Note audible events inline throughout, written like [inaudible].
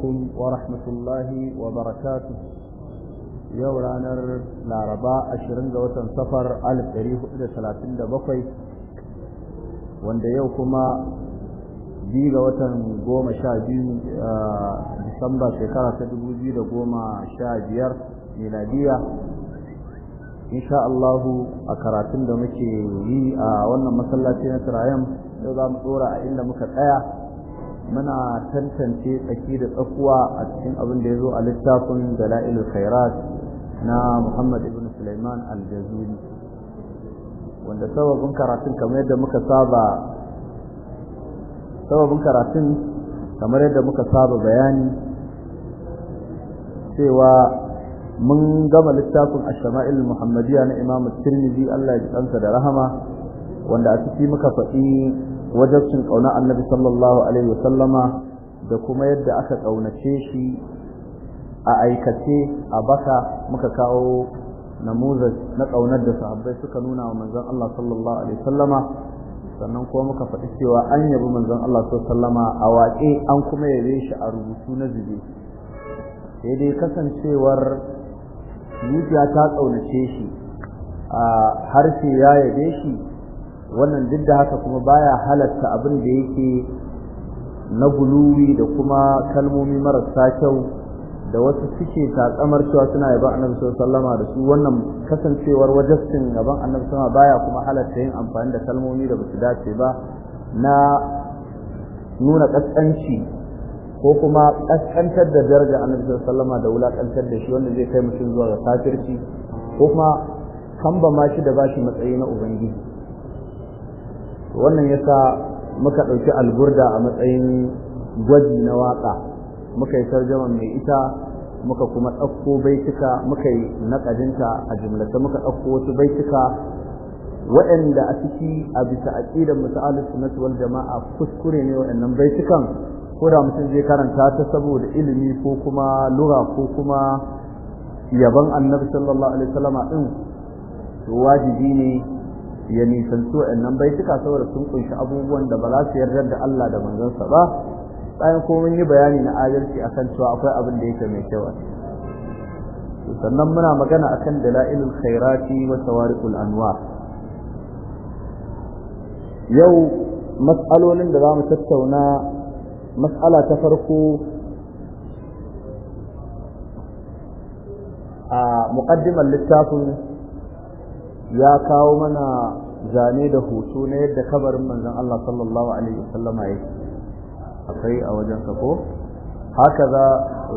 alaikum wa rahmatullahi wa barakatu yau ranar laraba 20 ga watan safar 1437 wanda yau kuma biyu ga watan goma sha biyu disamba shekara ta dubu biyu da goma sha biyar miladiya insha Allahu a karatun da muke yi a wannan masallaci na Tirayen yau za mu tsora a inda muka tsaya muna tantance tsaki da tsakuwa a cikin abin da ya zo a littafin dala'ilul khairat na muhammad ibn sulaiman aljazuli wanda sababin karatun kamar yadda muka saba sababin karatun kamar yadda muka saba bayani cewa mun gama littafin ashama'il muhammadiyya na imam tirmidhi Allah ya ji da rahama wanda a ciki muka faɗi wajabcin ƙauna annabi sallallahu alaihi wa sallama, da kuma yadda aka ƙaunace shi a aikace a baka muka kawo namuzar na ƙaunar da sahabbai suka nuna wa manzon Allah sallallahu alaihi wa sallama, sannan kuma muka faɗi cewa an yabi manzon Allah sallama a waƙe an kuma yabe shi a rubutu na zube sai dai kasancewar zuciya ta ƙaunace shi a harshe ya yabe shi wannan duk da haka kuma baya halatta abin da yake na guluwi da kuma kalmomi marasa kyau da wasu suke tatsamar cewa suna yaba annabi sallama da su wannan kasancewar wajastin gaban annabi sallama baya kuma halarta yin amfani da kalmomi da basu dace ba na nuna kaskanci ko kuma kaskantar da daraja annabi sallama da wulakantar da shi wanda zai kai mutum zuwa ga kafirci ko kuma kamba ma shi da bashi matsayi na ubangiji wannan yasa muka ɗauki alburda a matsayin gwaji na waƙa muka yi sarjama mai ita muka kuma ɗauko baituka muka yi naƙadinta a jimlata muka ɗauko wasu baituka waɗanda a ciki a bisa aƙidar misalin sunnati wal jama'a kuskure ne waɗannan baitukan ko da mutum zai karanta ta saboda ilimi ko kuma lura ko kuma yaban annabi sallallahu alaihi wasallam din wajibi ne ya nan wa'annan baituka saboda sun kunshi abubuwan da ba za su yarda da Allah da manzansa ba bayan kuma mun yi bayani na adalci akan cewa akwai abin da yake mai kyau sannan muna magana akan dalailul khairati wa tawariqul anwar yau mas'alolin da za mu tattauna mas'ala ta farko a muqaddimar littafin ya kawo mana zane da hoto na yadda kabarin manzon Allah sallallahu alaihi wasallama yake akwai a wajen sa Haka za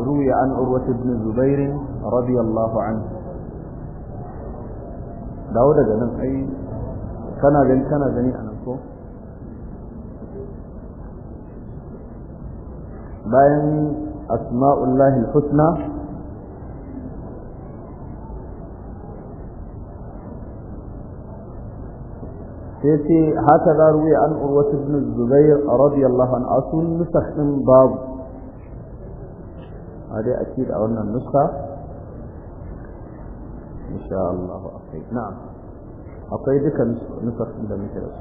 ruya an urwat ibn zubair radiyallahu anhu dawo daga nan ai kana gani kana gani nan ko bayan asma'ullahi husna sai ce haka za ruwa an urwatu ibn zubair radiyallahu an asun nusakh din babu a dai a da wannan nuska insha Allah akwai na'am akwai dukan nusakh din da muke da su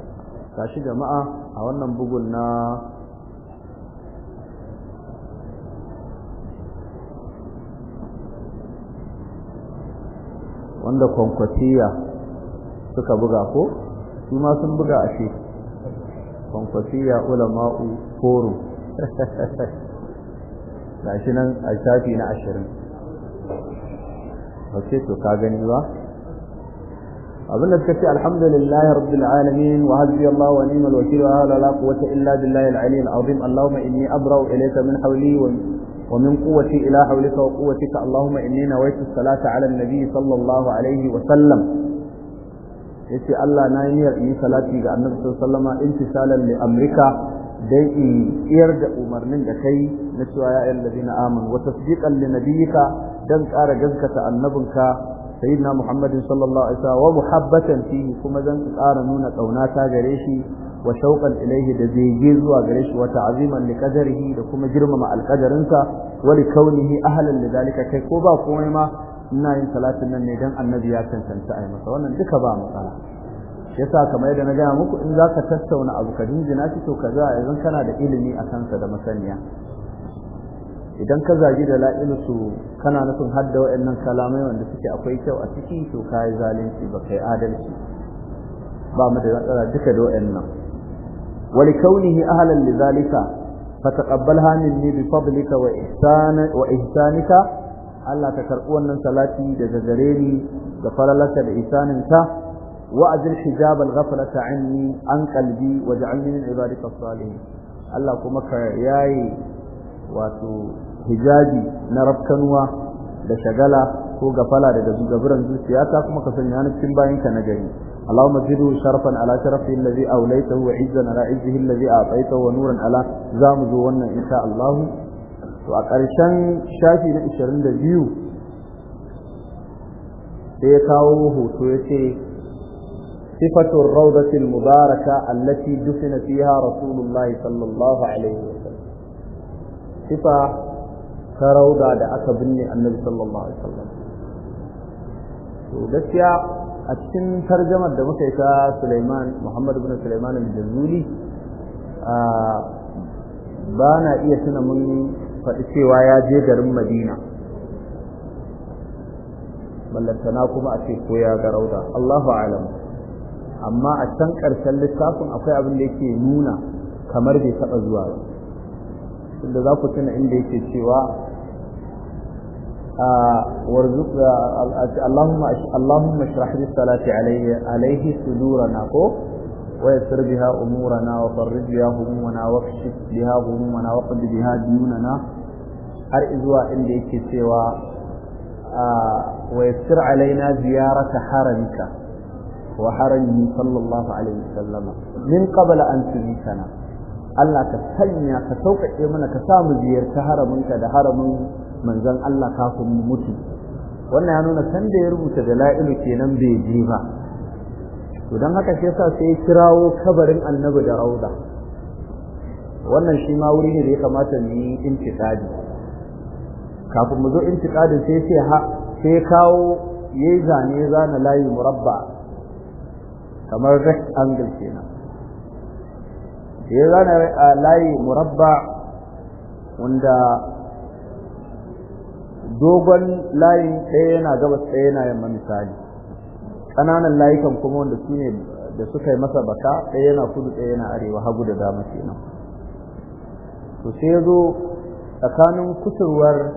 tashi jama'a a wannan bugun na wanda kwankwatiya suka buga ko su ma sun buga a shi kwankwasiya ulama'u forum [laughs] gashi nan a shafi na ashirin wace to ka gani ba abin da suka ce alhamdulillah rabbil alamin wa hasbi Allah wa ni'mal wakil wa la quwwata illa billahi al-ali allahumma inni abra'u ilayka min hawli wa ومن قوتي إلى حولك وقوتك اللهم إني نويت الصلاة على النبي sallallahu الله wa sallam. yace Allah na yi niyyar yi salati ga Annabi sallallahu alaihi intisalan li amrika dan in iyar da umarnin da kai na cewa ya ayyuhal ladina amanu wa tasdiqan li nabiyyika dan ƙara gaskata annabinka sayyidina Muhammadin sallallahu alaihi wasallam wa muhabbatan fihi kuma dan ƙara nuna kaunata gare shi wa shauqan ilayhi da zai zuwa gare shi wa ta'ziman li qadarihi da kuma girmama alqadarinsa wa li kaunihi ahlan lidalika kai ko ba komai ma ina yin salatin nan ne dan annabi ya cancanta ai masa wannan duka ba matsala yasa kamar yadda na gaya muku in zaka tattauna abu ka dinjina shi to kaza yanzu kana da ilimi a kansa da masaniya idan ka zagi da la'ilusu kana nufin hadda waɗannan kalamai wanda suke akwai kyau a ciki to ka yi zalunci ba adalci ba mu da matsala duka da waɗannan wali kaunihi ahlan li zalika fataqabbalha minni wa Allah ka karɓi wannan salati daga gare ni da da isaninka wa azil hijab al-ghaflata anni an qalbi wa ja'alni min ibadika salihin Allah kuma ka yayi wato hijabi na rafkanuwa da shagala ko gafala daga zugaburan zuciyata kuma ka sanya ni cikin bayinka na gari اللهم زده شرفا على شرفه الذي أوليته وعزا على عزه الذي أعطيته ونورا على زامزه ون إن شاء الله to a ƙarshen shafi na 22 sai ya kawo hoto ya ce sifatun raudatil mubaraka allati dufina fiha rasulullah sallallahu alaihi wasallam sifa ta rauda da aka binne annabi sallallahu alaihi wasallam to gaskiya a cikin tarjamar da muka yi ta Sulaiman Muhammad ibn Sulaiman al-Jazuli ba na iya tuna mun faɗi cewa ya je garin madina mallantana kuma a ce ko ya ga rauda Allahu alam amma a can ƙarshen littafin akwai abin da yake nuna kamar bai taɓa zuwa ba tunda za ku tuna inda yake cewa a warzuq Allahumma Allahumma shrah li salati alayhi alayhi sudurana ko ويسر بها أمورنا وفرج بها همومنا واكشف بها همومنا وقد بها ديوننا har izuwa inda yake cewa wa alaina ziyarata haramka wa harami sallallahu alaihi wasallama min qabl an tubitana Allah ka sanya ka sauƙaƙe mana ka samu ziyarta haraminka da haramin manzon Allah kafin mu mutu wannan ya nuna san ya rubuta da kenan bai je ba to don haka shi yasa sai ya kirawo kabarin annabi da rauda wannan shi ma wuri ne da ya kamata mu yi intiqadi kafin mu zo intiqadin sai sai ha sai kawo yayi zane zana layi murabba kamar rectangle kenan sai ya zana layi murabba wanda dogon layi ɗaya yana gabas ɗaya yana yamma misali ƙananan layukan kuma wanda su ne da suka yi masa baka ɗaya yana kudu ɗaya yana arewa hagu da dama kenan to sai ya zo tsakanin kusurwar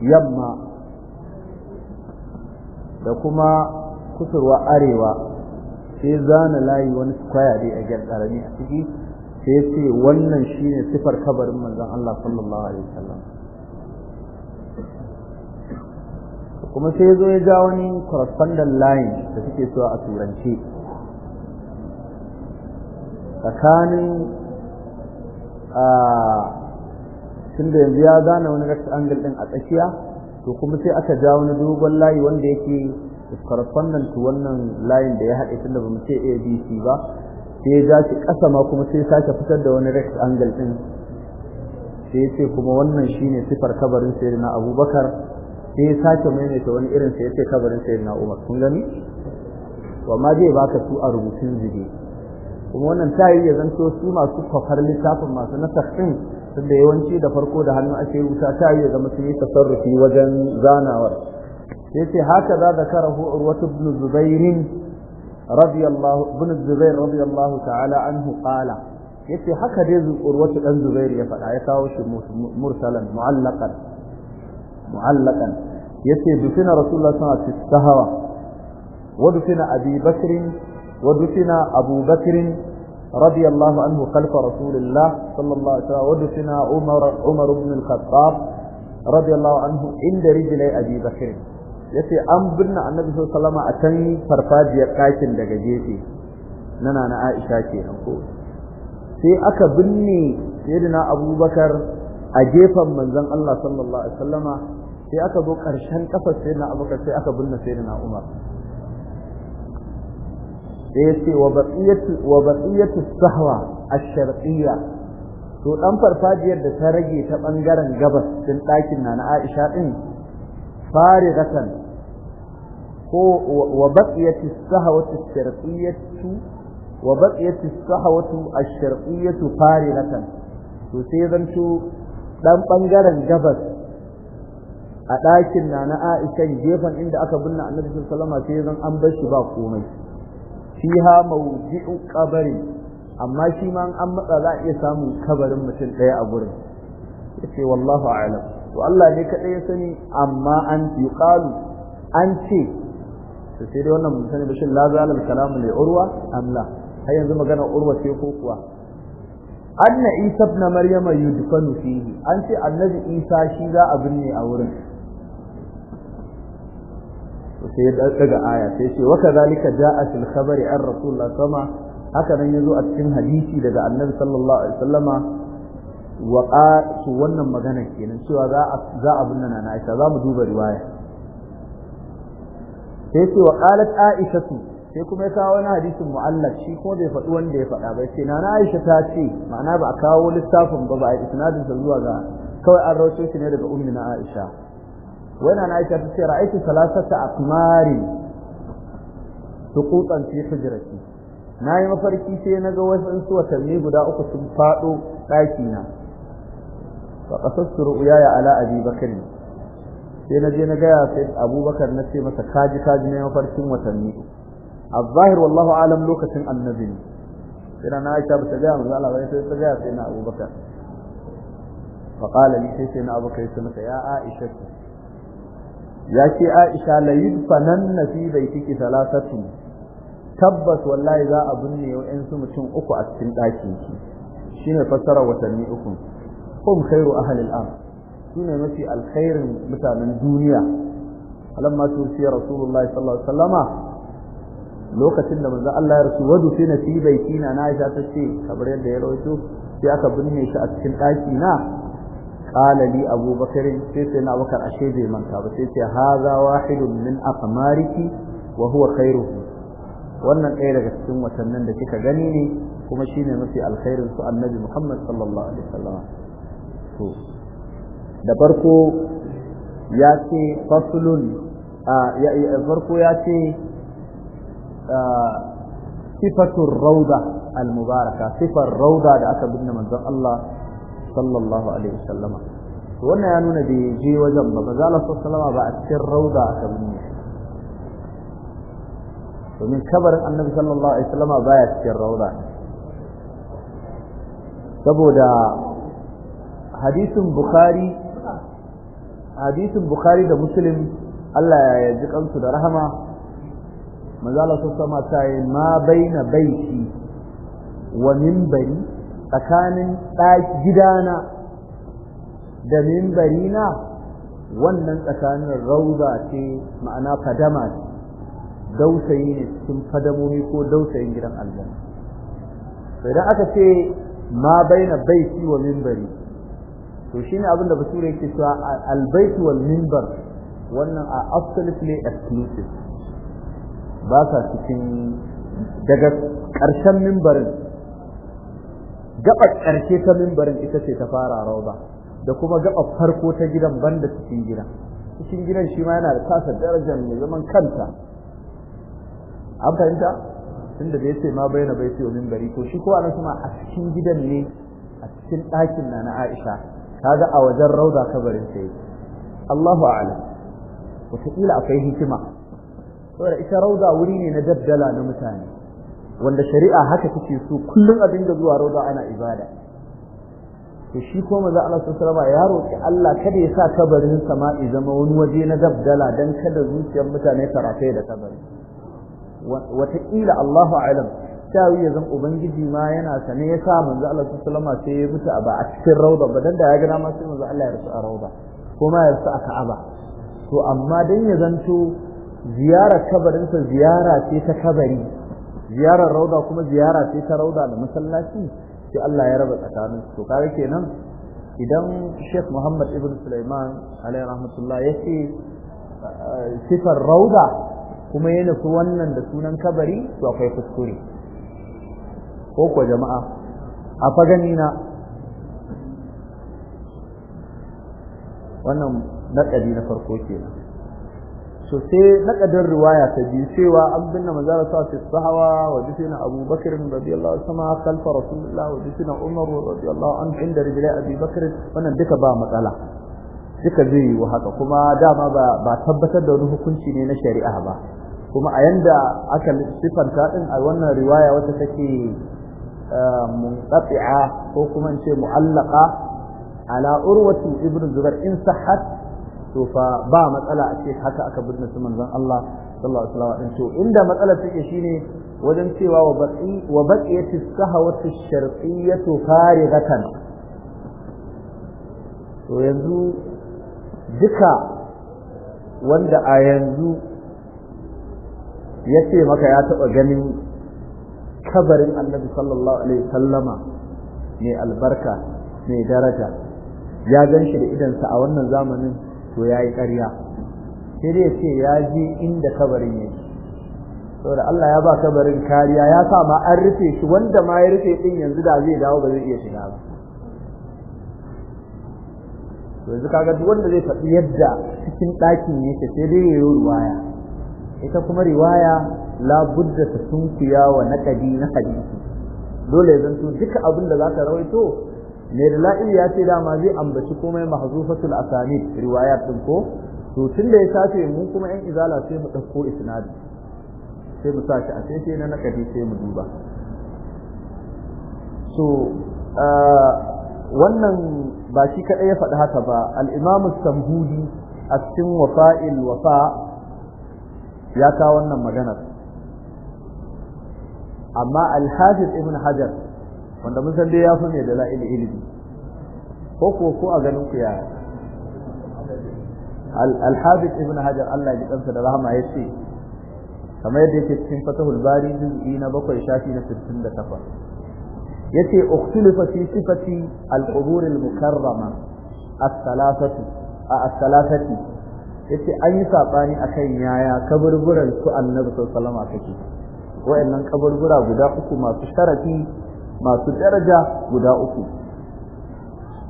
yamma da kuma kusurwar arewa sai zana layi wani kwaya dai a gyar ƙarami a ciki sai ce wannan shine sifar kabarin manzon Allah sallallahu alaihi wasallam kuma sai zo ya ja wani correspondent line da suke so a turance tsakanin a tun da yanzu ya zana wani rectangle din a tsakiya to kuma sai aka ja wani dogon layi wanda yake correspondent to wannan layin da ya haɗe tun da bamu ce abc ba sai ya ja shi ƙasa ma kuma sai sake fitar da wani rectangle din sai ya ce kuma wannan shine sifar kabarin na abubakar sai ya sake maimaita wani irin sai ya ce kabarin na Umar kun gani to amma zai baka su a rubutun zube kuma wannan tayi ya zanto su masu kwafar littafin masu nasakin tunda yawanci da farko da hannu ake rubuta tayi ya zama su yi tasarrufi wajen zanawar sai ce haka za zakarahu urwatu ibn zubair radiyallahu ibn zubair radiyallahu ta'ala anhu qala yace haka dai urwatu dan Zubairu ya faɗa ya kawo shi mursalan mu'allakan mu'allaqan yace dufina rasulullah sallallahu alaihi wasallam sahawa wa dufina abi wa dufina abu bakr radiyallahu anhu khalfa rasulillah sallallahu alaihi wasallam wa dufina umar umar ibn al-khattab radiyallahu anhu inda rijlai abi bakr yace an binne annabi sallallahu alaihi wasallam a can farfajiyar ɗakin daga gefe nana na Aisha kenan ko sai aka binne sayyidina Abubakar a gefen manzon Allah sallallahu alaihi wasallama sai aka zo ƙarshen sai na abubakar sai aka binne sai na umar sai ya ce wa baqiyatu sahwa a sharqiyya to ɗan farfajiyar da ta rage ta ɓangaren gabas din ɗakin na na Aisha fari farigatan ko wa baqiyatu sahwatu ta sharqiyyatu wa baqiyatu ta ash fari farigatan to sai zan dan ɓangaren gabas a ɗakin na na aishan gefen inda aka binne annabi sallallahu alaihi wasallam sai an bar shi ba komai Shi ha mawdi'u qabri amma shi ma an matsa za a iya samun kabarin mutum ɗaya a gurin yace wallahu a'lam to Allah ne kadai ya sani amma an yuqalu an ce to sai dai wannan mutane ba shin la zalal kalamu li urwa am la har yanzu magana urwa ce ko kuwa anna isa ibn maryama yudfanu fihi an ce annabi isa shi za a binne a wurin sai ya daga aya sai ce wa kadhalika ja'a fil khabari an rasulullah sama haka nan yazo a cikin hadisi daga annabi sallallahu alaihi wasallama wa su wannan magana kenan cewa za a za na Aisha za mu duba riwaya sai ce wa qalat Aisha sai kuma ya kawo wani hadisin mu'allaf shi kuma bai faɗi wanda ya faɗa ba sai nana Aisha ta ce ma'ana ba a kawo lissafin ba ba a isnadin sa zuwa ga kawai an rawaito shi ne daga ummi na Aisha وانا انا عائشة تسي رأيت ثلاثة أقمار سقوطا في حجرتي ناي مفركي سي نغوز انسو وتمي غدا اكو سن فادو فقصصت رؤياي على ابي بكر sai na je na gaya sai abubakar na ce masa kaji kaji ne mafarkin watanni a zahir wallahu alam lokacin annabi ne sai na aisha ba ta gaya manzo Allah ba ta gaya sai na abubakar sai na abubakar ya aisha ya ce aisha la yudfananna fi baitiki salasatu tabbas wallahi za a binne 'yansu mutum uku a cikin ɗakin ki ne fassara watanni uku hum khairu ahli al Su sune mafi alkhairin mutanen duniya alamma tusi rasulullahi sallallahu alaihi wasallama lokacin da manzo Allah ya rasu wadu fi nasibai kina na Aisha ce, kamar yadda ya rawaito sai aka binne shi a cikin ɗaki na qala li abu bakr sai sai na bakar ashe bai manta ba sai ce hadha wahidun min aqmariki wa huwa khairuhu wannan ɗaya daga cikin watannin da kika gani ne kuma shine mafi alkhairin su annabi Muhammad sallallahu alaihi wasallam to da farko ya ce faslun a ya ce sifatur rauda al-mubaraka sifar rauda da aka binne manzon Allah sallallahu alaihi wasallam wannan ya nuna bai je wajen ba manzo Allah sallallahu ba a cikin rauda aka binne domin kabarin annabi sallallahu alaihi wasallam ya cikin rauda saboda hadisin bukhari hadisin bukhari da muslim Allah ya ji kansu da rahama manzo Allah sallallahu alaihi wasallam ta yi ma baina baiti wa minbari tsakanin gidana da mimbarina wannan tsakanin rauza ce ma'ana fadama ce dausayi ne cikin fadamomi ko dausayin gidan Sai idan aka ce ma baina baiti wa mimbari to shine abinda basura yake cewa albaiti wal mimbar wannan a absolutely exclusive ba sa cikin daga ƙarshen mimbarin gabar karshe ta mimbarin ita ce ta fara rauda da kuma gabar farko ta gidan banda cikin gida cikin gidan shi ma yana da tasa darajar mai zaman kanta an fahimta tunda da yace ma bayyana bai ce mimbari to shi ko anan kuma a cikin gidan ne a cikin ɗakin na na Aisha kaga a wajen rauda kabarin sai Allahu a'lam wata akwai hikima saboda ita rauda wuri ne na daddala na mutane wanda shari'a haka take so kullum a dinga zuwa roda ana ibada to shi ko manzo Allah sallallahu alaihi ya roki Allah kada ya sa kabarin sama'i zama wani waje na dabdala dan kada zuciyar mutane ta rafe da kabari wataƙila Allahu a'lam tawi ya zan ubangiji ma yana sane ya sa manzo Allah sallallahu alaihi sai ya mutu a ba a cikin rauda ba dan da ya gina ma sai manzo Allah ya rasu a rauda kuma ya rasu a Ka'aba to amma dan ya zanto ziyara kabarinsa ziyara ce ta kabari ziyarar rauda kuma ziyara ce ta rauda da masallaci sai Allah ya raba tsakanin su kare kenan idan Sheikh Muhammad Ibn Sulaiman alayhi rahmatullah ce, sifar rauda kuma yana su wannan da sunan kabari to akwai kuskure ko ko jama'a a fagani na wannan na kadi na farko kenan to sai nakadar riwaya ta biyu cewa an binne manzara sa fi sahawa wa bisina Abu Bakr radiyallahu anhu kalfa Rasulullah wa bisina Umar radiyallahu anhu inda rijla Abi Bakr wannan duka ba matsala duka zai yi haka kuma dama ba ba tabbatar da wani hukunci ne na shari'a ba kuma a yanda aka sifanta din a wannan riwaya wata take eh, munqati'a ko kuma in ce mu'allaqa ala urwati ibn Zubair in sahhat to fa ba matsala a ce haka aka birne su manzon Allah sallallahu alaihi wasallam to inda matsala take shine wajen cewa wa baqi wa baqiyatu sahawatu sharqiyyatu farighatan to yanzu duka wanda a yanzu ya ce maka ya taɓa ganin kabarin annabi sallallahu alaihi sallama mai albarka mai daraja ya gan shi da sa a wannan zamanin to ya yi ƙarya sai dai ce ya je inda kabarin ya yake saboda Allah ya ba kabarin kariya ya sa ma an rufe shi wanda ma ya rufe ɗin yanzu da zai dawo ba zai iya shiga ba to yanzu kaga duk wanda zai faɗi yadda cikin ɗakin ce sai dai ya yi riwaya ita kuma riwaya la budda ta sunkuya wa ƙadi na hadisi dole ya zanto duka abin da ka rawaito mai dala'i ya ce dama zai ambaci komai mahazufatul asani riwaya ɗin ko to tun da ya sace mun kuma yan izala sai mu ɗauko isnadi sai mu sace a sai na nakadi sai mu duba so wannan ba shi kaɗai ya faɗi haka ba al'imamu imam a cikin wafa'il wafa ya kawo wannan maganar amma al ibn hajar wanda mun san dai ya fi mai da la'ili ilimi ko ko ko a ganin ku ya al ibn hajar Allah ji kansa da rahama yace kamar yadda yake cikin fatahul bari juz'i na bakwai shafi na 68 yace ukhtulifa fi sifati al mukarrama as a as Ya yace an yi a akan yaya kaburburan su annabi sallallahu alaihi wasallam kake wayannan kaburbura guda uku masu sharafi masu daraja guda uku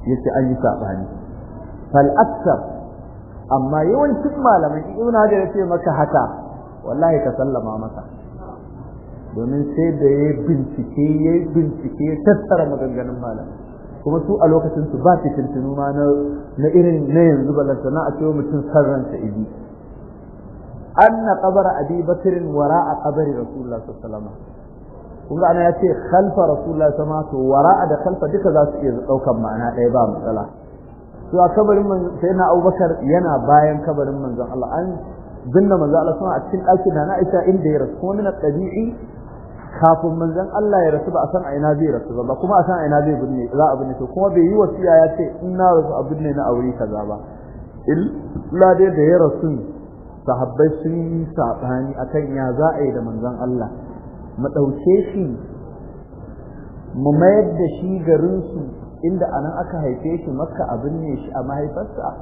yace an yi sabani fal aksar amma yawancin malamai ibn hajar yace maka haka wallahi ka sallama maka. domin sai da ya bincike ya bincike tattara maganganun malamai kuma su a lokacin su ba tuntunu ma na irin na yanzu balanta na a cewa mutum sarranta ibi anna قبر abi bakr وراء قبر رسول الله صلى الله kun ana ya ce khalfa rasulullahi sama to wara'a da khalfa duka za su iya daukan ma'ana ɗaya ba matsala to a kabarin sai na abubakar yana bayan kabarin manzon Allah an binne manzon Allah sama a cikin ɗakin na Aisha inda ya rasu wani na ɗabi'i kafin manzon Allah ya rasu ba a san a ina zai rasu ba kuma a san a ina zai binne za a binne to kuma bai yi wasiya ya ce in na rasu a binne na aure kaza ba illa dai da ya rasu sahabbai sun yi saɓani akan ya za a yi da manzon Allah mu ɗauke shi mu mayar da shi garinsu inda anan aka haife shi makka abin ne shi a mahaifarsa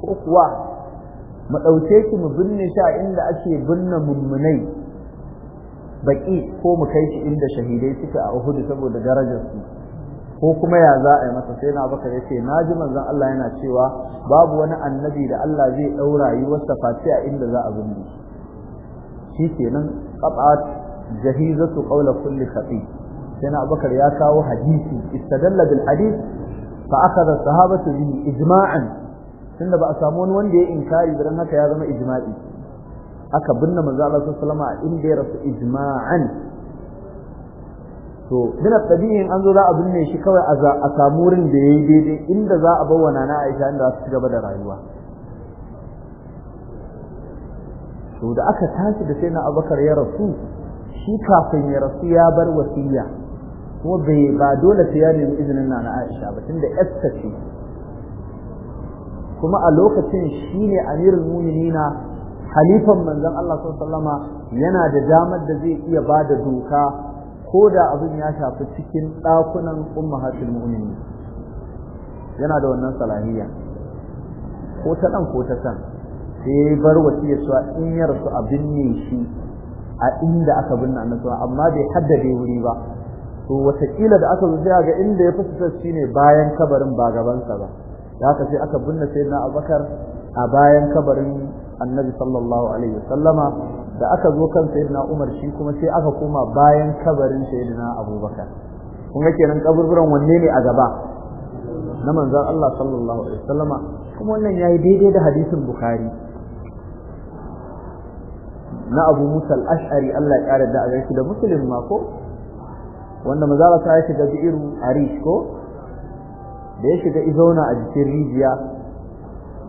ko kuwa mu ɗauke shi mu binne shi a inda ake binne mummunai baƙi ko mu kai shi inda shahidai suka a Uhudu saboda darajarsu ko kuma ya za a yi masa sai na baka ya ce na ji manzon Allah yana cewa babu wani annabi da Allah zai ɗaura yi wasa face a inda za a binne shi kenan qat'at jahizatu qawla kulli khati sai Abakar ya kawo hadisi istadalla bil hadith fa akhadha sahabatu bihi ijma'an tunda ba a samu wani wanda ya inkari dan haka ya zama ijma'i aka binne manzo Allah sallallahu alaihi wasallam inda ya rasu ijma'an to dana tabi'in an zo za a binne shi kawai a samu wurin da yayi daidai inda za a bawana nana Aisha inda za su ci gaba da rayuwa to da aka tashi da sai na abakar ya rasu shi kafin ya rasu ya bar wasiya kuma bai ba dole ta ya nemi izinin na na aisha ba tunda yasta ce kuma a lokacin shi ne amirul muminina halifan manzon Allah sallama, yana da damar da zai iya ba da doka ko da abin ya shafi cikin ɗakunan ummahatul mu'minin yana da wannan salahiyya ko ta ɗan ko ta san sai ya bar wasiya cewa in ya rasu a binne shi a inda aka binne annabi amma bai haddade wuri ba to watakila da aka zuciya ga inda ya fita shine bayan kabarin ba gabansa ba da haka sai aka binne sayyidina Abubakar a bayan kabarin annabi sallallahu alaihi wasallama da aka zo kan sayyidina Umar shi kuma sai aka koma bayan kabarin sayyidina Abubakar kun ga kenan kaburburan wanne ne a gaba na manzon Allah sallallahu alaihi wasallama kuma wannan yayi daidai da hadisin Bukhari na abu musa al-ash'ari Allah ya kare da a gaishe da musulun ma ko wanda mazala ta ya shiga bi'iru arish ko da ya shiga izauna a jikin rijiya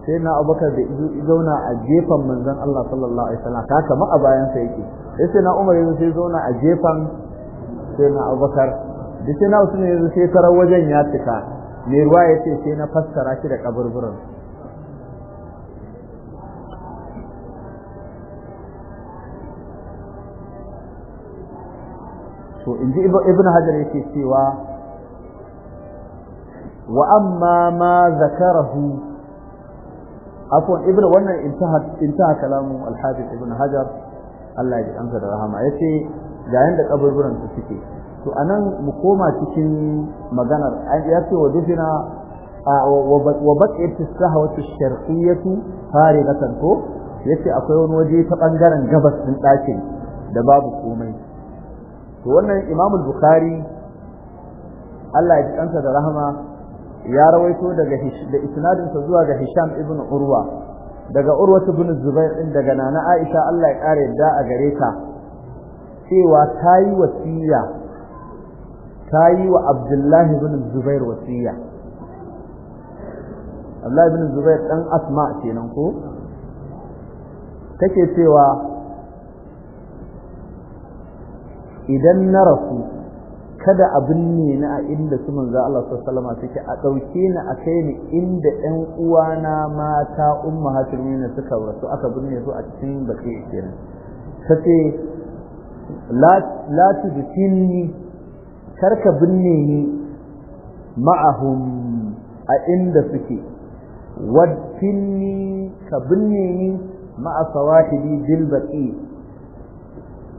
sai na Abakar da zauna a jefan manzon Allah sallallahu alaihi wasallam ta kama a bayan sa yake sai sai na umar yanzu sai zauna a jefan sai na Abakar da sai na usman yanzu sai tarar wajen ya cika mai ruwa ya ce sai na fassara shi da kaburburan to in ji ibn hajar yake cewa wa amma ma zakarahu afwan ibn wannan intaha kalamu al-hafiz ibn hajar Allah ya ji amsa da rahama yace ga yanda kaburburan su suke to anan mu koma cikin maganar yace wa dufina wa baqiyat as-sahwat ash-sharqiyyah farigatan ko yace akwai wani waje ta bangaren gabas din dakin da babu komai to wannan Imam Bukhari Allah ya ji kansa da rahama ya rawaito daga da isnadin sa zuwa ga Hisham ibn Urwa daga Urwa ibn Zubair din daga Nana Aisha Allah ya kare yadda a gare ta cewa tayi wasiya tayi wa Abdullah ibn Zubair wasiya Allah ibn Zubair dan Asma kenan ko take cewa idan na rasu kada abin ne na a inda su manzo Allah sallallahu alaihi wasallam a dauke ni a kai ni inda ɗan uwana mata ummahatul ne suka rasu aka binne su a cikin baki kenan sace la la tudfinni karka binne ni ma'ahum a inda suke wadfinni ka binne ni ma'a sawahili bil baqi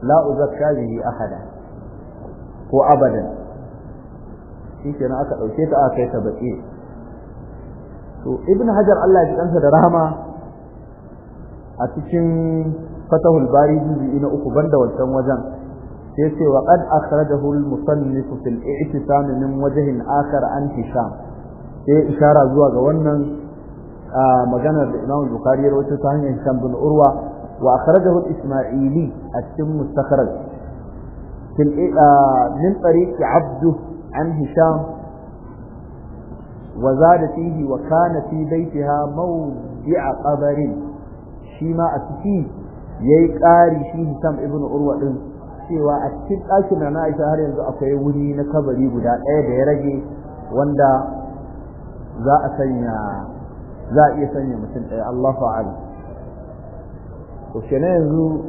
la uzakka bihi ahada ko abadan shi kenan aka dauke ta aka kai ta baki ibn hajar Allah ya ji da rahama a cikin fatahul bari juzi na uku banda wancan wajen sai ce wa qad akhrajahu al musannif fil i'tisam min wajhin akhar an hisham sai ishara zuwa ga wannan maganar da Imam Bukhari ya rawaito ta hanyar Hisham Urwa وأخرجه الإسماعيلي التم مستخرج من طريق عبده عن هشام وزاد فيه وكان في بيتها موضع قبر شيما أتكي يقاري شيه هشام ابن أروى cewa a cikin ɗakin na Aisha har yanzu akwai wuri na kabari guda ɗaya da ya rage wanda za a iya sanya mutum ɗaya Allah to ne yanzu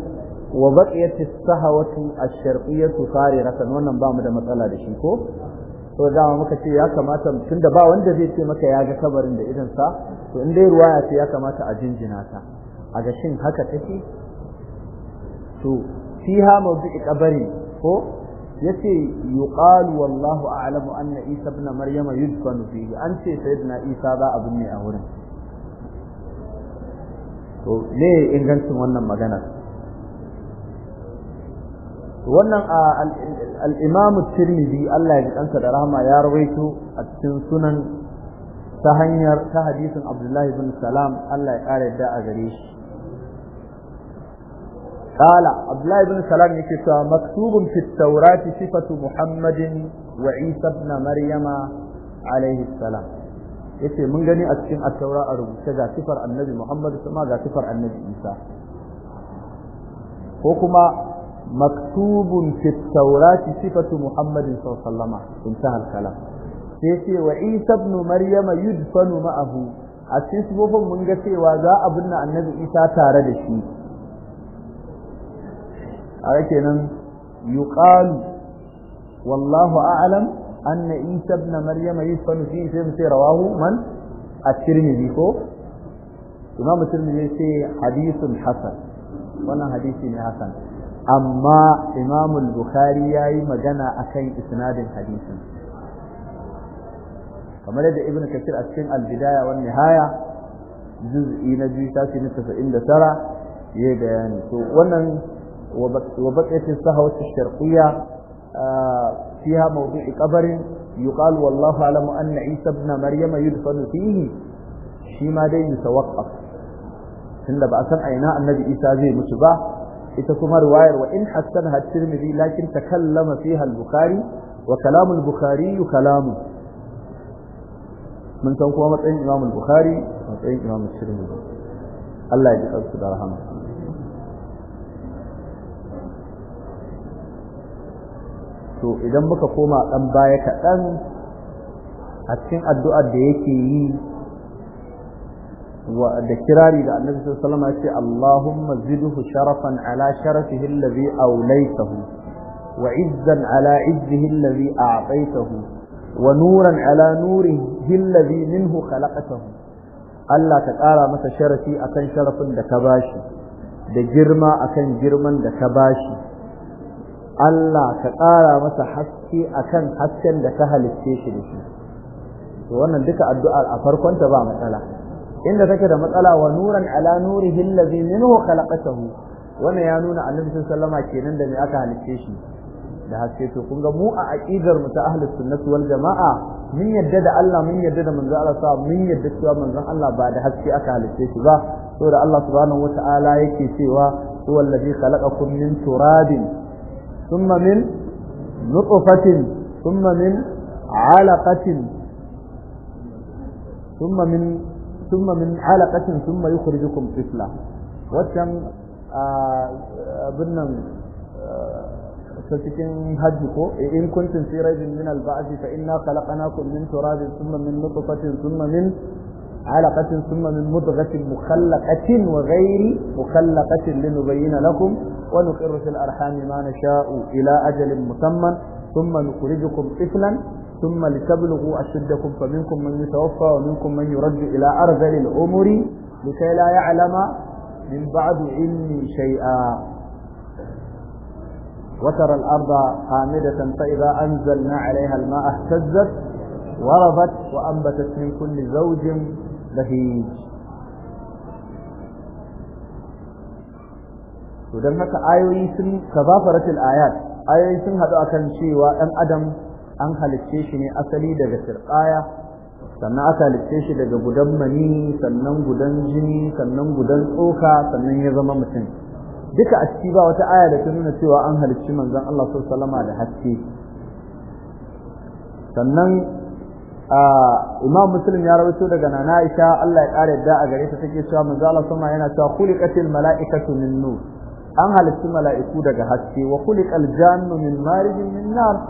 wa baqiyati sahawati ash-sharqiyyatu fariratan wannan ba mu da matsala da shi ko to da muka ce ya kamata tunda ba wanda zai ce maka ya ga kabarin da idan sa to in dai ruwaya ce ya kamata a jinjina ta a ga shin haka take to fiha mawdu'i kabari ko yace yuqalu wallahu a'lamu anna isa ibn maryama yudfanu fihi an ce sayyidina isa ba abun ne a wurin to me ingancin wannan magana wannan al-Imam Tirmidhi Allah ya kansa da rahama ya rawaito a cikin sunan ta hanyar ta hadisin Abdullah ibn Salam Allah ya kare da a gare shi قال عبد الله بن سلام يكتب مكتوب في التوراة صفة محمد وعيسى ابن مريم عليه السلام yace mun gani a cikin at a rubuce ga sifar annabi Muhammadu kuma ga sifar annabi Isa ko kuma maktubun fi taurati sifatu Muhammad sallallahu alaihi wasallam intaha al-kalam sai wa Isa ibn Maryam yudfanu ma'ahu a cikin sifofin mun ga cewa za a binne annabi Isa tare da shi a kenan yuqalu wallahu a'lam anna isa ibn maryama yusfanu fi sai sai rawahu man at-tirmidhi ko imam at-tirmidhi sai hadithun hasan wannan hadisi ne hasan amma imam al-bukhari yayi magana akan isnadin hadisin kamar yadda ibn kathir a cikin al-bidaya wan nihaya juz'i na biyu tashi na wannan فيها موضوع قبر يقال والله أعلم أن عيسى ابن مريم يدفن فيه شيما دي يتوقف عند بأسان أيناء النبي عيسى زي متبع إتكما رواية وإن حسنها الترمذي لكن تكلم فيها البخاري وكلام البخاري كلامه من تنقوى مطعين إمام البخاري مطعين إمام الترمذي الله يجب أن تدار to idan muka koma dan baya kaɗan a cikin addu'ar da yake yi da kirari da annabi sallallahu alaihi wasallam ya ce Allahumma zidhu sharafan ala sharafihi allazi awlaytahu wa izzan ala izzihi allazi a'taytahu wa nuran ala nurihi allazi minhu khalaqtahu Allah ka ƙara masa sharafi akan sharafin da ka bashi da girma akan girman da ka bashi Allah ka ƙara masa haske akan hasken da ka halicce shi da shi to wannan duka addu'a a farkon ta ba matsala inda take da matsala wa nuran ala nurihi allazi minhu khalaqatahu wannan ya nuna annabi sallallahu alaihi kenan da me aka halicce shi da haske to kun ga mu a aqidar mu ta ahlus sunnati wal jamaa mun yadda da Allah mun yadda da manzon Allah sa mun yadda cewa manzon Allah ba da haske aka halice shi ba saboda Allah subhanahu wataala yake cewa huwa allazi khalaqakum min turabin ثم من نطفة ثم من علقة ثم من ثم من علقة ثم يخرجكم طفلا وكم بنن ta cikin hajji ko in kuntum fi raibin min al-ba'th fa inna khalaqnakum min turabin thumma min min علقة ثم من مضغة مخلقة وغير مخلقة لنبين لكم ونقر في الأرحام ما نشاء إلى أجل مسمى ثم نخرجكم طفلا ثم لتبلغوا أشدكم فمنكم من يتوفى ومنكم من يرد إلى أرذل العمر لكي لا يعلم من بعد علم شيئا وترى الأرض هامدة فإذا أنزلنا عليها الماء اهتزت وربت وأنبتت من كل زوج lafi to dan haka ayoyi sun kazafaratul ayat ayoyi sun haɗu akan cewa ɗan adam an halicce shi ne asali daga sirqaya sannan aka halicce shi daga gudan mani sannan gudan jini sannan gudan tsoka sannan ya zama mutum duka a ciki ba wata aya da ta nuna cewa an halicci manzon Allah sallallahu alaihi da haske sannan imam muslim ya rawaito daga nana aisha Allah ya kare da a gare ta take cewa manzo Allah sama yana cewa khuliqatil mala'ikatu min nur an halitta mala'iku daga haske wa khuliqal jannu min marijin min nar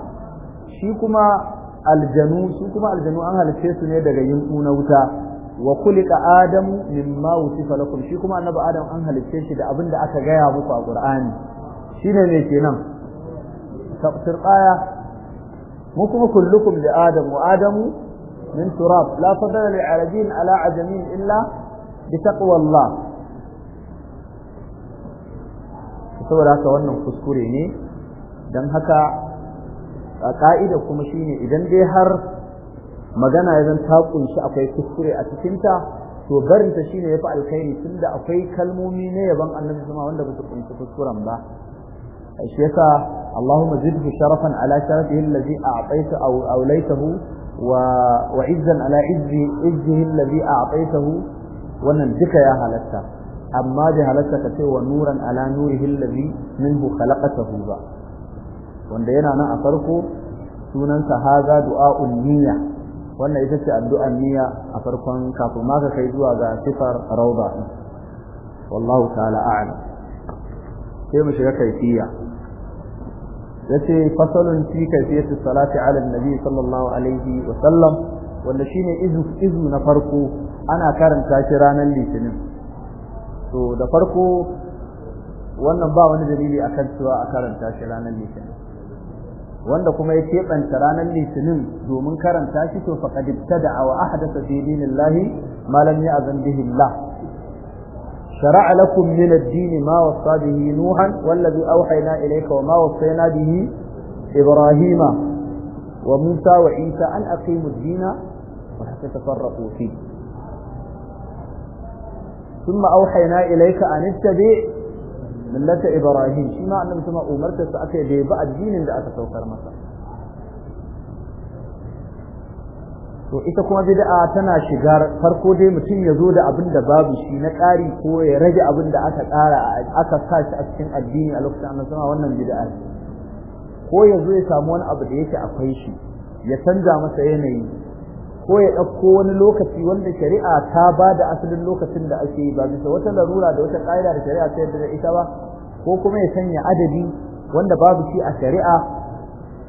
shi kuma aljanu shi kuma aljanu an halitta su ne daga yinku na wuta wa khuliqa adamu ma wusifa lakum shi kuma annabi adam an halitta shi da abinda aka gaya muku a qur'ani shine ne kenan tafsir aya mu kuma kullukum li adamu adamu من تراب لا فضل لعربي على عجمي إلا بتقوى الله saboda haka wannan kuskure ne don haka a ka'ida kuma shine idan dai har magana ya zan ta kunshi akwai kuskure a cikinta to barinta shine ya fi alkhairi tunda akwai kalmomi na yaban annabi sama wanda ba su kunshi kuskuren ba shi yasa اللهم زده شرفا على شرفه الذي أعطيته أو أوليته وعزا على عزه عزه الذي أعطيته wannan duka ya halatta amma da halatta ka ce wa nuran ala nurihi allazi minhu khalaqatahu ba wanda yana nan a farko sunansa haza du'a'ul niyya wannan ita ce addu'ar niyya a farkon kafin ma ka kai zuwa ga sifar wallahu ta'ala a'lam sai mu shiga kaifiya yace fasalun fi kayfiyati salati ala annabi sallallahu alaihi wa sallam wanda shine izu izu na farko ana karanta shi ranar litinin to da farko wannan ba wani dalili akan cewa a karanta shi ranar litinin wanda kuma ya keɓanta ranar litinin domin karanta shi to faqad ibtada wa ahdatha fi dinillahi ma lam ya'zan bihi Allah شرع لكم من الدين ما وصى به نوحا والذي أوحينا إليك وما وصينا به إبراهيم وموسى وعيسى أن أقيموا الدين وحتى تفرقوا فيه ثم أوحينا إليك أن اتبع ملة إبراهيم شما أنهم ثم أمرت سأكي بيبع الدين إذا أتتوكر مثلا to ita kuma bid'a tana shigar farko dai mutum ya zo da abin da babu shi na ƙari ko ya rage abin da aka ƙara aka sa shi a cikin addini a lokacin annabi sama wannan bid'a ko ya zo ya samu wani abu da yake akwai shi ya canza masa yanayi ko ya ɗauko wani lokaci wanda shari'a ta ba da asalin lokacin da ake yi ba bisa wata larura da wata ƙa'ida da shari'a ta yarda da ita ba ko kuma ya sanya adadi wanda babu shi a shari'a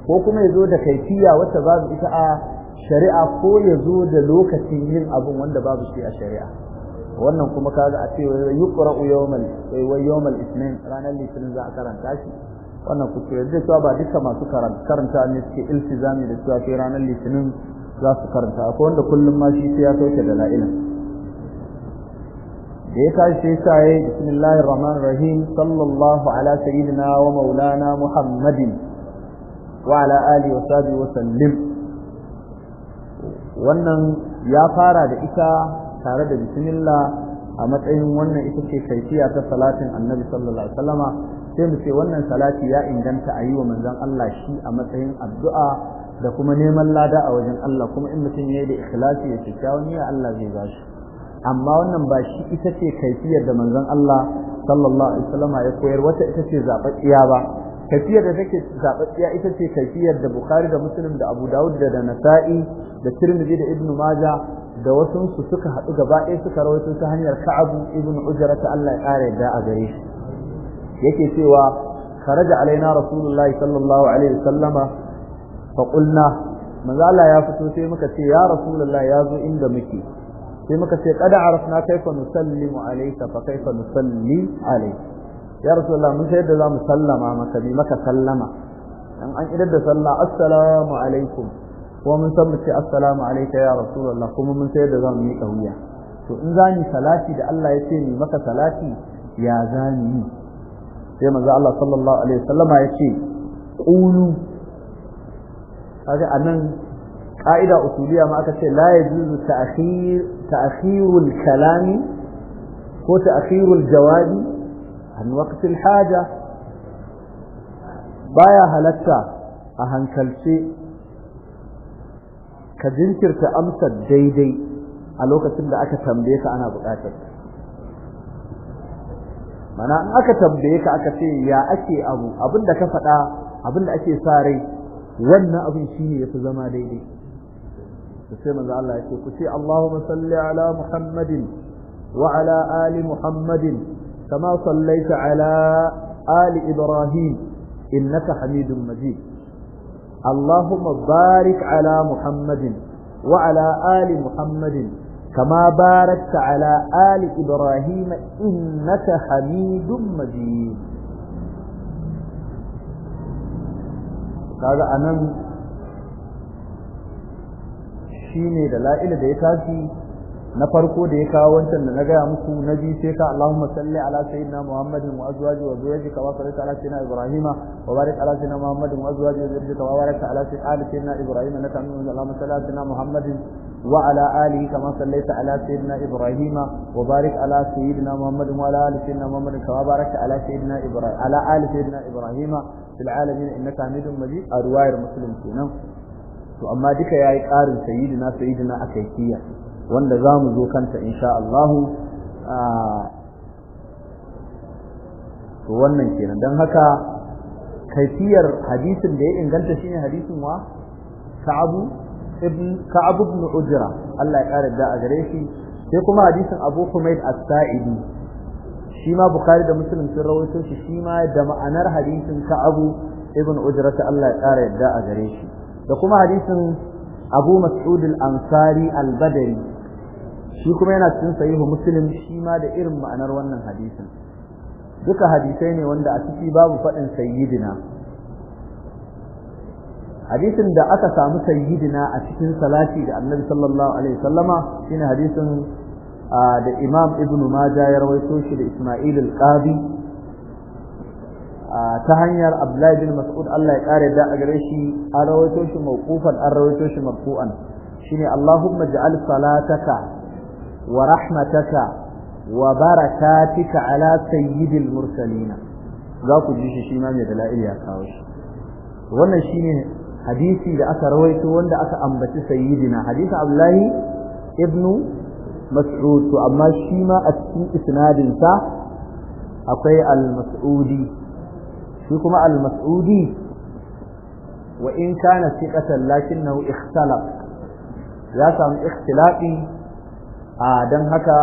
ko kuma ya zo da kaifiya wacce babu ita a shari'a ko ya zo da lokacin yin abin wanda babu shi a shari'a wannan kuma kaga a cewa yuqra'u yawmal eh, wa yawmal ithnin ranar litinin za a karanta shi wannan kuskure da cewa ba duka masu karanta ne suke iltizami da cewa sai ranar litinin za su karanta ko wanda kullum ma shi ya sauke da la'ila da ya tashi sai sa bismillahir rahmanir rahim sallallahu ala sayyidina wa maulana muhammadin wa ala alihi wa sahbihi wa sallim wannan ya fara da ita tare da bismillah a matsayin wannan ita ce kaifiya ta salatin annabi sallallahu alaihi wasallama sai mu ce wannan salati ya inganta a yi wa manzon Allah shi a matsayin addu'a da kuma neman lada a wajen Allah kuma in mutum ya yi da ikhlasi ya kyakkyawa niyya Allah zai ba shi amma wannan ba shi ita ce kaifiyar da manzon Allah sallallahu alaihi wasallama ya koyar wata ita ce zababbiya ba tafiyar da take zaɓaɓɓiya ita ce tafiyar da Bukhari da Muslim da Abu Dawud da Nasa'i da Tirmidhi da Ibn Maja da wasu su suka hadu gaba ɗaya suka rawaito ta hanyar Ka'ab ibn Ujra ta Allah ya ƙara yadda a gare shi yake cewa kharaja alaina Rasulullahi sallallahu alaihi wasallama fa qulna manzo Allah ya fito sai muka ce ya Rasulullahi ya zo inda muke sai muka ce qad arafna kaifa nusallimu alayka fa kaifa nusalli alayka ya rasulullah mun sai yadda zamu sallama maka bi maka sallama dan an idar da sallah assalamu alaikum kuma mun san mu ce assalamu alayka ya rasulullah kuma mun sai da zamu yi wuya to in zani salati da Allah ya ce ni maka salati ya zani sai manzo Allah sallallahu alaihi wasallama ya ce qulu kaga anan ka'ida usuliya ma aka ce la yajuzu ta'khir ta'khirul kalami ko ta'khirul jawabi an waqtil haja baya halatta a hankalce ka jinkirta amsar daidai a lokacin da aka tambaye ka ana buƙatar mana in aka tambaye ka aka ce ya ake abu abinda ka faɗa abinda ake sa rai wannan abin shine yafi zama daidai sai manzo Allah ya ce ku ce Allahumma salli ala Muhammadin wa ala ali Muhammadin كما صليت على آل إبراهيم إنك حميد مجيد اللهم بارك على محمد وعلى آل محمد كما باركت على آل إبراهيم إنك حميد مجيد هذا أنا shine da la'ila da ya tashi na farko da ya kawo wancan da na gaya muku na biyu sai ka Allahumma salli ala sayyidina Muhammadin wa azwaji wa zurriyyati wa salli ala sayyidina Ibrahim wa barik ala sayyidina Muhammadin wa azwaji wa zurriyyati wa barik ala sayyidina Ibrahima innaka hamidun Allahumma salli ala sayyidina Muhammadin wa ala alihi kama sallaita ala sayyidina Ibrahim wa barik ala sayyidina Muhammadin wa ala ali sayyidina Muhammadin kama barakta ala sayyidina Ibrahima ala ali sayyidina Ibrahima fil alamin innaka hamidun majid a ruwayar muslim kenan to amma duka yayi karin sayyidina sayyidina akaikiya wanda za mu zo kanta insha Allah ah, to wannan kenan don haka kaifiyar hadisin da ya inganta shine hadisin wa Ka'abu ibn Ka'ab ibn Ujra Allah ya kare da a gare shi sai kuma hadisin Abu Humayd As-Sa'idi shi ma Bukhari da Muslim sun rawaito shi shi ma da ma'anar hadisin Ka'ab ibn Ujra ta Allah ya kare da a gare shi da kuma hadisin Abu Mas'ud Al-Ansari Al-Badri shi kuma yana cikin sahihu muslim shi ma da irin ma'anar wannan hadisin duka hadisai ne wanda a ciki babu faɗin sayyidina hadisin da aka samu sayyidina a cikin salati da annabi sallallahu alaihi sallama shine hadisin da imam ibn majah ya rawaito shi da isma'il al-qadi ta hanyar abdullahi bin mas'ud Allah ya kare da a gare shi an rawaito shi mawqufan an rawaito shi marfu'an shine allahumma ja'al salataka ورحمتك وبركاتك على سيد المرسلين ذاك جيش شي ما دلائل يا كاوش wannan shine hadisi da aka rawaito wanda aka ambaci sayyidina hadisi Abdullahi ibn Mas'ud to amma shi ma a cikin isnadin akwai al-Mas'udi shi kuma al-Mas'udi wa in kana thiqatan lakinnahu ikhtalaf ya samu ikhtilafi a don haka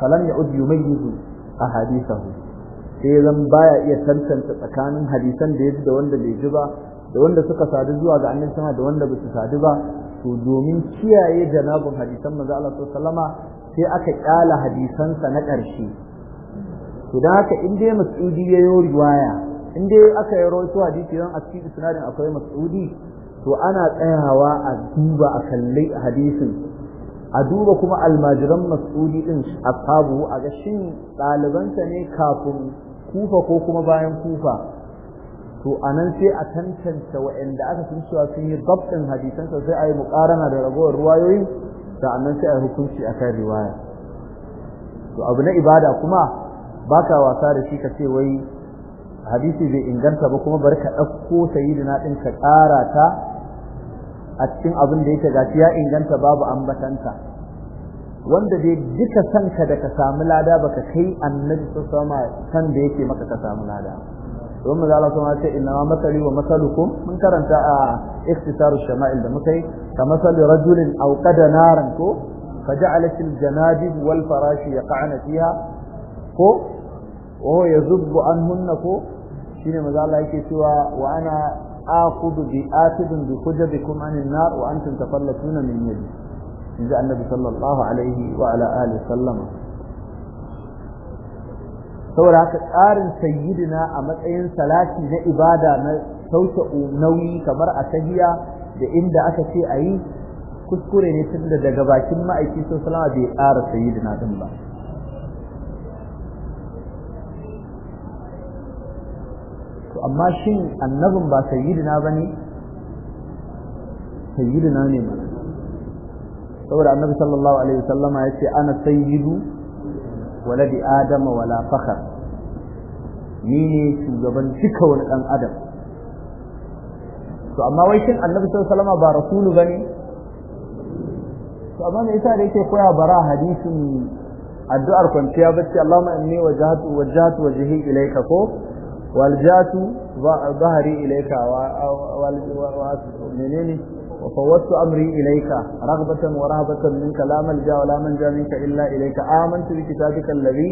falam ya uzu yumayyizu a hadisahu sai zan baya iya tantance tsakanin hadisan da ya ji da wanda bai ji ba da wanda suka sadu zuwa ga annabi sama da wanda ba su sadu ba to domin kiyaye janabun hadisan manzo Allah sallama sai aka kyala hadisansa na ƙarshe to da haka in dai mas'udi ya yi riwaya in dai aka yi rawaito hadisi don a cikin sinadin akwai mas'udi to ana tsayawa a duba a kalli hadisin a duba kuma almajiran mas'udi din ashabu a ga shin ɗalibansa ne kafin kufa ko kuma bayan kufa to anan sai a tantance waɗanda aka san cewa sun yi dabtin hadisansa sai a yi muƙarana da ragowar ruwayoyi sa'annan sai a hukunci a akan riwaya to abu na ibada kuma baka wasa da shi ka ce wai hadisi bai inganta ba kuma bari ka ɗauko sayidina ɗin ka ƙara ta a cikin abin da yake gashi ya inganta babu ambatanta wanda dai duka ka da ka samu lada baka kai annabi sama kan da yake maka ka samu lada don mu zala sama ce inna masali wa masalukum mun karanta a ikhtisaru shama'il da muka yi ka masali rajulin awqada naran ko faja'alat al-janadib wal farashi yaqa'na fiha ko wa yazubbu anhunna ko shine maza yake cewa wa ana آخذ بآتد بحجبكم عن النار وأنتم تفلتون من يدي جاء النبي صلى الله عليه وعلى آله وسلم saboda haka tsarin sayyidina a matsayin salati na ibada na sauke nauyi kamar a tahiya da inda aka ce a yi kuskure ne tunda daga bakin ma'aiki sallallahu alaihi bai ƙara sayyidina din ba amma shin annabin ba sayyidina bane sayyidina ne ba? saboda annabi sallallahu alaihi wasallama ce ana sayyidu waladi adama wala fakhar ni ne shugaban duka wani dan adam to amma wai shin annabi sallallahu alaihi wasallama ba rasulu bane to amma me yasa da yake koya bara hadisin addu'ar kwanciya bacci Allahumma inni wajhatu wajhatu wajhi ilayka ko waljatu zahari ilaika wa menene wa fawwattu amri ilaika raghbatan wa rahbatan minka la malja wa la manja minka illa ilaika amantu bi kitabika alladhi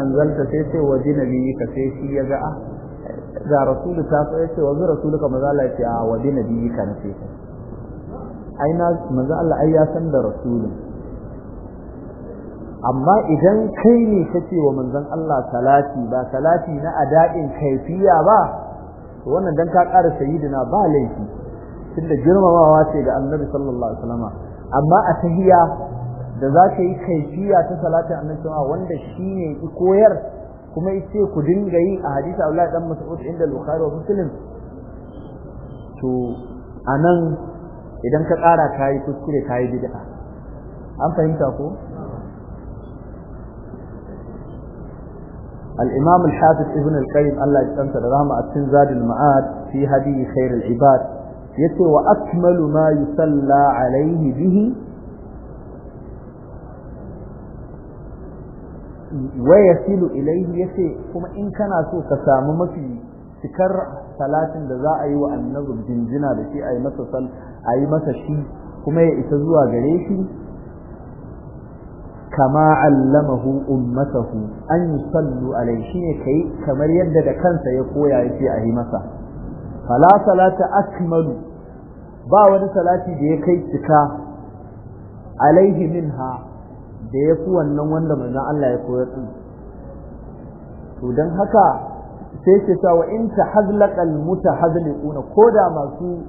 anzalta sai sai wa dinabiyika sai shi ya ga ga rasulu ta so yace wa rasuluka maza Allah ya ce a wa dinabiyika ne sai ai na Allah ya san da rasulun amma idan kai ne kake wa manzon Allah salati ba salati na ada'in kaifiya ba to wannan dan ka ƙara sayyidina ba laifi tunda girmamawa ce ga annabi sallallahu alaihi wasallam amma a tahiya da za ka yi kaifiya ta salati annabi wanda shine ki koyar kuma yace ku dinga yi a hadisi Allah dan Mas'ud inda Bukhari wa Muslim to anan idan ka ƙara kai kuskure kai bid'a an fahimta ko الإمام الحافظ ابن القيم الله يستمتع رحمة التنزاد المعاد في هدي خير العباد يتي وأكمل ما يصلى عليه به ويسيل إليه يتي كما إن كان سوء تسامم في تكر صلاة دزاء وأن نظر جنجنا لشيء أي مسا شيء كما يتزوى قريشي kama allamahu ummatahu an yusallu alaihi shine kai kamar yadda da kansa ya koya yake a yi masa fala salata akmalu ba wani salati da ya kai cika alaihi minha da ya fi wannan wanda manzon Allah ya koyar din to dan haka sai ce ta wa in tahadlaqal mutahadliquna koda masu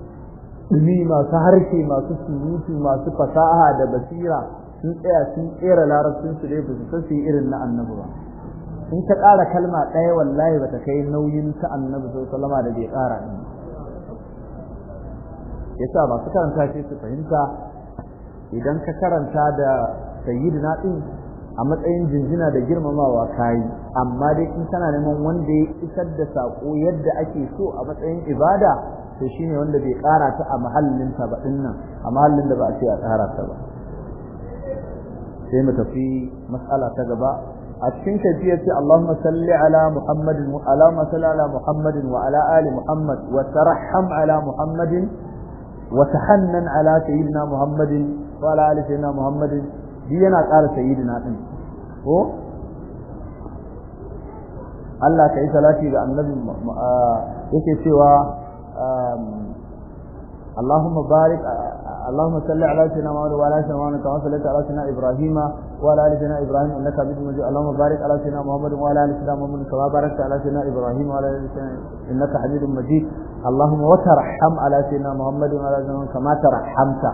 dumi masu harshe masu surutu masu fasaha da basira sun tsaya sun tsera larabcin su dai bisa su yi irin na annabi ba in ta ƙara kalma ɗaya wallahi ba ta kai nauyin ta annabi salama da bai ƙara ni, yasa masu karanta shi su fahimta idan ka karanta da sayyidina din a matsayin jinjina da girmamawa kayi amma dai in kana neman wanda ya isar da sako yadda ake so a matsayin ibada to shine wanda bai ƙara ta a mahallin ta ba dinnan a mahallin da ba a ce a ƙara ta ba sai mu tafi mas'ala ta gaba a cikin tafiyar ce Allahumma salli ala Muhammadin wa ala salli ala Muhammadin wa ala ali Muhammad wa tarahham ala Muhammadin wa tahannan ala sayyidina Muhammadin wa ala ali sayyidina Muhammadin bi yana ƙara sayyidina din ko Allah ka yi salati ga annabi yake cewa um, اللهم بارك اللهم صل على سيدنا محمد وعلى سيدنا محمد كما صليت على سيدنا ابراهيم وعلى ال سيدنا ابراهيم انك حميد مجيد اللهم بارك على سيدنا محمد وعلى ال سيدنا محمد كما باركت على سيدنا ابراهيم وعلى ال سيدنا انك حميد مجيد اللهم وترحم على سيدنا محمد وعلى ال سيدنا كما ترحمت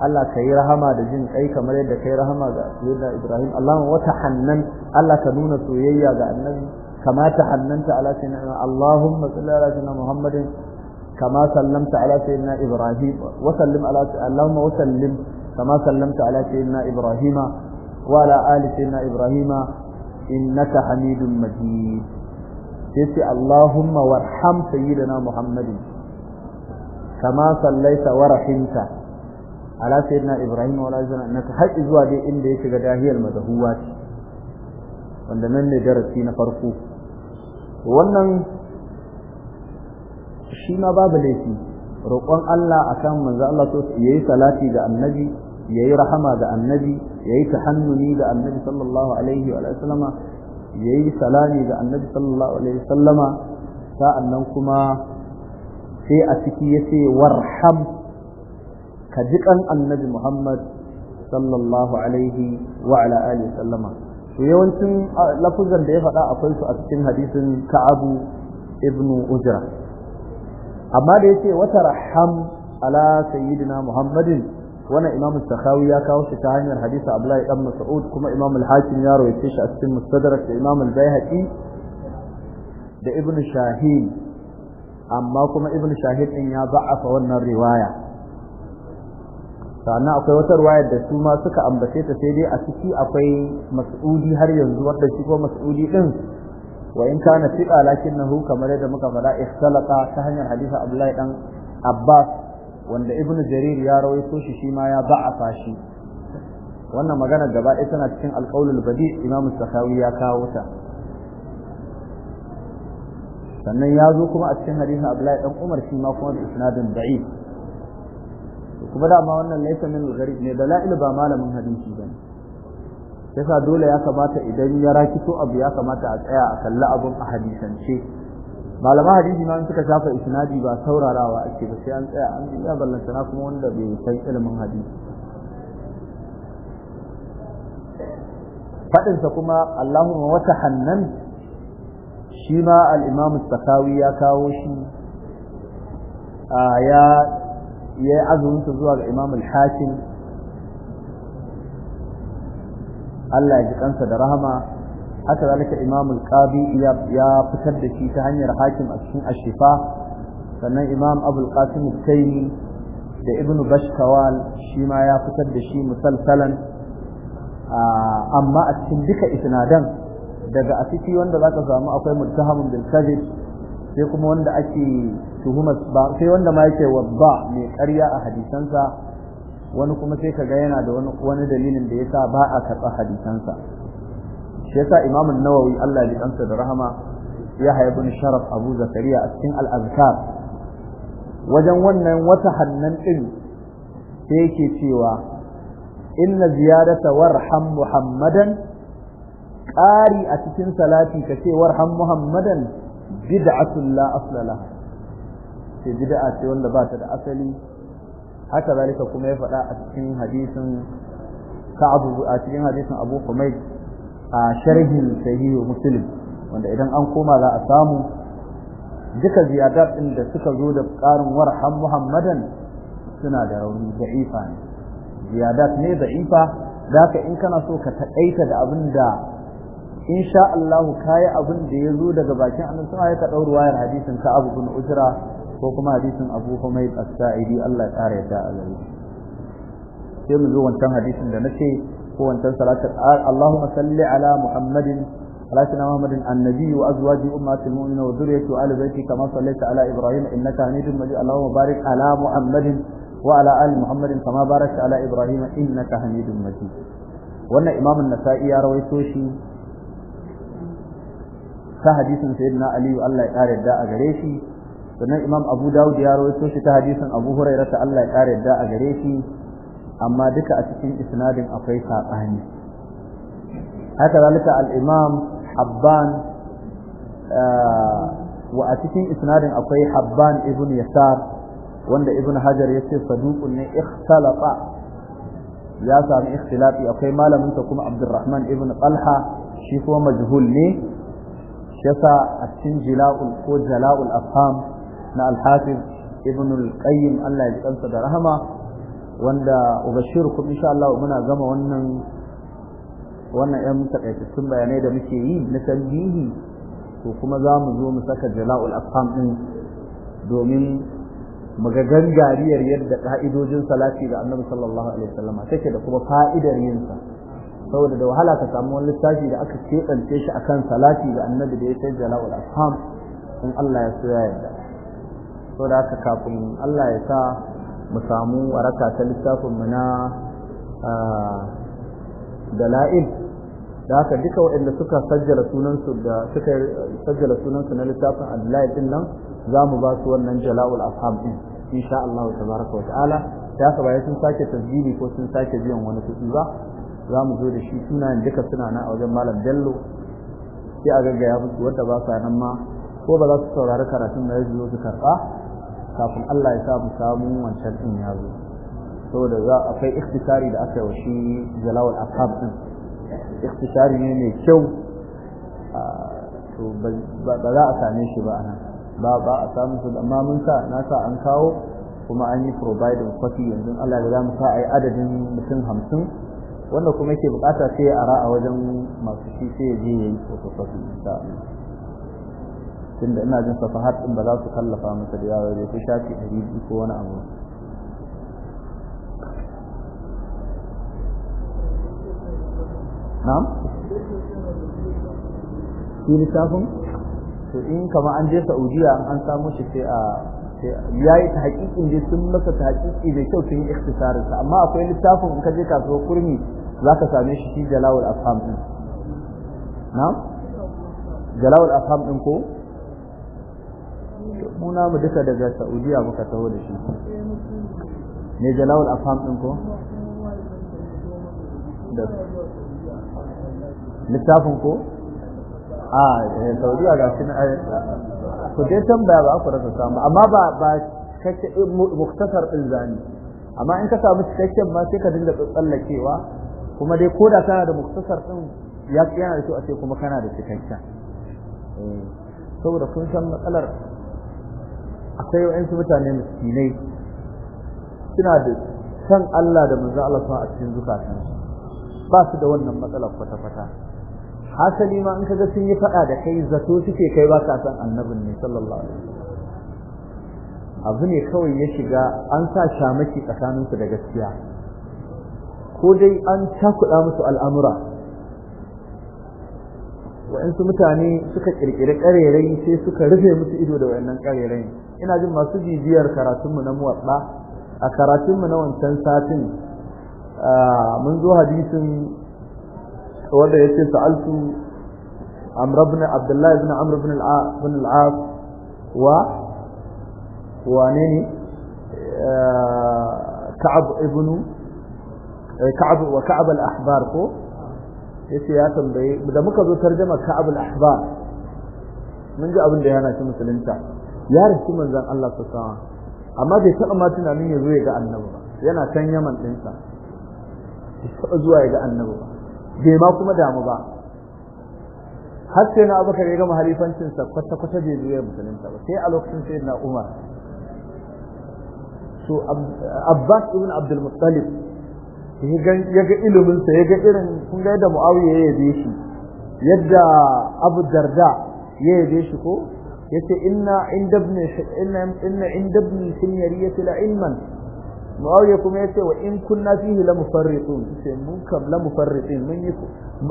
Allah ka yi rahama da jin kai kamar yadda ka yi rahama ga yadda Ibrahim Allahumma wata hannan Allah ka nuna soyayya ga annabi kama ta hannanta ala sayyidina Allahumma salli ala sayyidina Muhammadin كما سلمت على سيدنا إبراهيم وسلم على اللهم وسلم كما سلمت على سيدنا إبراهيم وعلى آل سيدنا إبراهيم إنك حميد مجيد يسي اللهم وارحم سيدنا محمد كما صليت ورحمت على سيدنا إبراهيم وعلى سيدنا إنك حق إزوا دي إن دي شغداهي المدهوات وندمن درسي نفرقو wannan shi ma babu laifi roƙon Allah akan manzo Allah to yayi salati ga annabi yayi rahama ga annabi yayi tahannuni ga annabi sallallahu alaihi wa sallama yayi salami ga annabi sallallahu alaihi wa sallama sa'annan kuma sai a ciki yace warham ka ji kan annabi Muhammad sallallahu alaihi wa ala alihi wa sallama to yawancin lafuzan da ya faɗa akwai su a cikin hadisin Ka'abu ibnu Ujra amma da yace wata raham ala sayyidina muhammadin wannan imam sakhawi ya kawo shi ta hanyar hadisi abdullahi ibn mas'ud kuma imam al-hakim ya rawaita shi a cikin mustadrak da imam al-baihaqi da ibn Shahid. amma kuma ibn Shahid din ya za'afa wannan riwaya sannan akwai wata riwayar da su ma suka ambace ta sai dai a ciki akwai mas'udi har yanzu wanda shi ko mas'udi din wa in kana thiqa lakinnahu kamar yadda muka faɗa ikhtalaqa ta hanyar hadisi Abdullahi dan Abbas wanda Ibn Jarir ya rawaito shi shi ma ya a shi wannan magana gaba ɗaya tana cikin alqaulul badi Imam Sakhawi ya kawo ta sannan ya zo kuma a cikin hadisin Abdullahi dan Umar shi ma kuma da isnadin da'if kuma dama wannan laysa min al-gharib ne dalail ba malamin hadisi ba yasa dole ya kamata idan ya rakito abu ya kamata a tsaya a kalli abun a hadisance malaman hadisi ma suka shafa isnadi ba saurarawa ake ba sai an tsaya an ji ya ballantana kuma wanda bai san ilimin hadisi fadin sa kuma Allahumma wa tahannan shi ma al-Imam sakawi ya kawo shi ya ya zuwa ga Imam al-Hakim Allah ya ji kansa da rahama haka zalika Imam al-Qadi ya fitar da shi ta hanyar Hakim a cikin Ash-Shifa sannan Imam Abu al-Qasim al-Taymi da Ibn Bashkawal shi ma ya fitar da shi musalsalan amma a cikin duka isnadan daga asiti wanda zaka samu akwai muttahamun bil kadhib sai kuma wanda ake tuhumar sai wanda ma yake wadda mai ƙarya a hadisansa wani kuma sai kaga yana da wani wani dalilin da yasa ba a karɓa hadisansa shi yasa Imam an-Nawawi Allah ya kansa da rahama ya haya bin Sharaf Abu Zakariya a cikin al-Azkar wajen wannan wata hannan din sai yake cewa inna ziyadata warham Muhammadan ƙari a cikin salati ka ce warham Muhammadan bid'atul la asla sai bid'a ce wanda ba ta da asali haka zalika kuma ya faɗa a cikin hadisin ka'ab a cikin hadisin Abu Humayd a sharhin sahih Muslim wanda idan an koma za a samu duka ziyadat din da suka zo da ƙarin warham Muhammadan suna da rauni da'ifa ne ziyadat ne ifa zaka in kana so ka taƙaita da abinda da insha Allah kayi abin da ya zo daga bakin Annabi sai ka daura wayar hadisin Ka'ab bin Ujra ko kuma hadisin Abu Humayd As-Sa'idi Allah ya kare ta a gare sai mu zo wancan hadisin da nace ko wancan salatul Allahumma salli ala Muhammadin ala sayyidina Muhammadin annabi wa azwaji ummatil mu'minin wa dhurriyyati ala baiti kama sallaita ala Ibrahim innaka Hamidum Majid Allahumma barik ala Muhammadin wa ala ali Muhammadin kama barakta ala Ibrahim innaka Hamidum Majid wannan Imam an-Nasa'i ya rawaito shi ta hadisin sayyidina Ali Allah ya kare da a gare shi sannan imam abu dawud ya rawaito shi ta hadisin abu hurairah ta Allah ya kare yadda a gare shi amma duka a cikin isnadin akwai sabani haka zalika al-imam habban eh, wa a cikin isnadin akwai habban ibn yasar wanda ibn hajar yace saduqun ne ikhtalafa ya sami ikhtilafi akwai malamin ta kuma abdurrahman ibn talha shi kuma majhul ne yasa a cikin jila'ul ko jala'ul afham na alhafiz ibn ƙayyim Allah ya tsansa da rahama wanda ubashirukum insha Allah muna gama wannan wannan ɗan takaitattun bayanai da muke yi na tambihi to kuma za mu zo mu saka jala'ul afham ɗin? domin muga gangariyar yadda ka'idojin salati da annabi sallallahu alaihi wasallam take da kuma fa'idar yin sa saboda da wahala ka samu wani littafi da aka keɓance shi akan salati da annabi da ya sai jala'ul afham in Allah ya so ya yarda da aka kafin Allah ya sa mu samu waraka ta littafin na dala'il da aka duka waɗanda suka sajjala sunansu na littafin adlai din nan za mu ba su wannan jala'ul afham din insha Allah tabaraka wa ta'ala da aka bayan sun sake tasbihi ko sun sake biyan wani kuɗi ba za mu zo da shi sunayen duka suna na a wajen malam bello sai a gaggaya musu wanda ba sa nan ma ko ba za su saurari karatun da ya zo su karɓa kafin Allah ya sa mu samu wancan ɗin ya zo saboda za akwai ikhtisari da aka yi shi zalawal ashab din ikhtisari ne mai kyau ah, to ba za a same shi ba anan ba ba a samu su amma mun sa na sa an kawo kuma an yi of coffee yanzu Allah ya za mu sa ai adadin mutum hamsin wanda kuma yake bukata sai ya ara a wajen masu shi sai ya je ya yi photocopy insha Allah tunda ina jin safahat din ba za su kallafa masa da yawa ya fi shafi ɗari biyu ko wani abu na'am shi littafin to in kama an je saudiya an samu shi sai a ya yi ta haƙiƙin je sun masa ta haƙiƙi da kyau sun yi iktisarinsa amma akwai littafin in ka je kasuwar kurmi za ka same shi shi jalawul afham din na'am jalawul afham din ko mu duka daga Saudiya muka taho da shi ne jalawul afam din ko da littafin ko a eh, Saudiya ga shi eh, Ko dai tambaya ba ku rasa samu amma ba ba kake eh, muktasar din zani amma in ka samu cikakken ma sai ka dinga tsallakewa kuma dai koda kana da muktasar din ya yana da kyau a ce kuma kana da cikakken saboda kun san matsalar akwai wa'ansu mutane miskinai suna da san Allah da manzo Allah a cikin zukatansu ba su da wannan matsalar kwata-kwata hasali ma in ka ga sun yi faɗa da kai zato suke kai ba ka san annabin ne sallallahu alaihi abu ne kawai ya shiga an sa shamaki tsakaninsu da gaskiya ko dai an cakuda musu al'amura wa'ansu mutane suka kirkiri karerai sai suka rufe musu ido da wayannan karerai ina jin masu bibiyar karatunmu na muwadda a karatunmu na wancan satin mun zo hadisin wanda yake sa'altu amr ibn abdullah ibn amr ibn al-as ibn al-as wa wane ne ka'ab ibn ka'ab wa ka'ab al-ahbar ko yace ya tambaye da muka zo tarjuma ka'abul ahbar mun ji abin da yana shi musulunta ya rasu manzon Allah sallallahu alaihi wasallam amma bai taɓa ma tunanin ya zo ya ga annabi ba yana can yaman ɗinsa bai taɓa zuwa ya ga annabi ba bai ma kuma damu ba har sai na abubakar ya gama halifancinsa kwata-kwata bai zo ya musulunta ba sai a lokacin sai na umar abbas ibn abdul ya ga iliminsa ya ga irin kun ga yadda mu'awiya ya yabe shi yadda abu darda ya yabe shi ko yace inna inda ibn inna inna inda ibn sinyariyati la ilman mu'awiya kuma yace wa in kunna fihi la mufarritun ce mun kam la mufarritin mun yi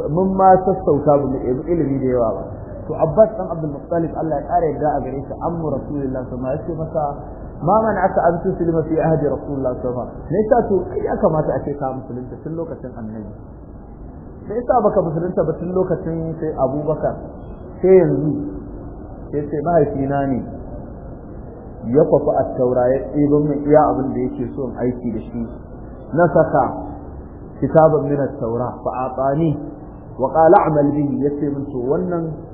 mun ma sassauta mu ilimi da yawa ba to abbas dan abdul muttalib Allah ya kare da a gare shi ammu rasulullahi sallallahu alaihi wasallam masa ma man aka an tuslima fi ahdi rasulullahi sallallahu alaihi wasallam ne ta to ya kamata a ce ka musulunta tun lokacin annabi sai yasa baka musulunta ba tun lokacin sai abubakar sai yanzu sai sai mahaifina ne ya kwafa a taura ya tsibin min iya abin da yake so in aiki da shi na saka kitabun min at-taura fa atani wa qala a'mal bihi yace min to wannan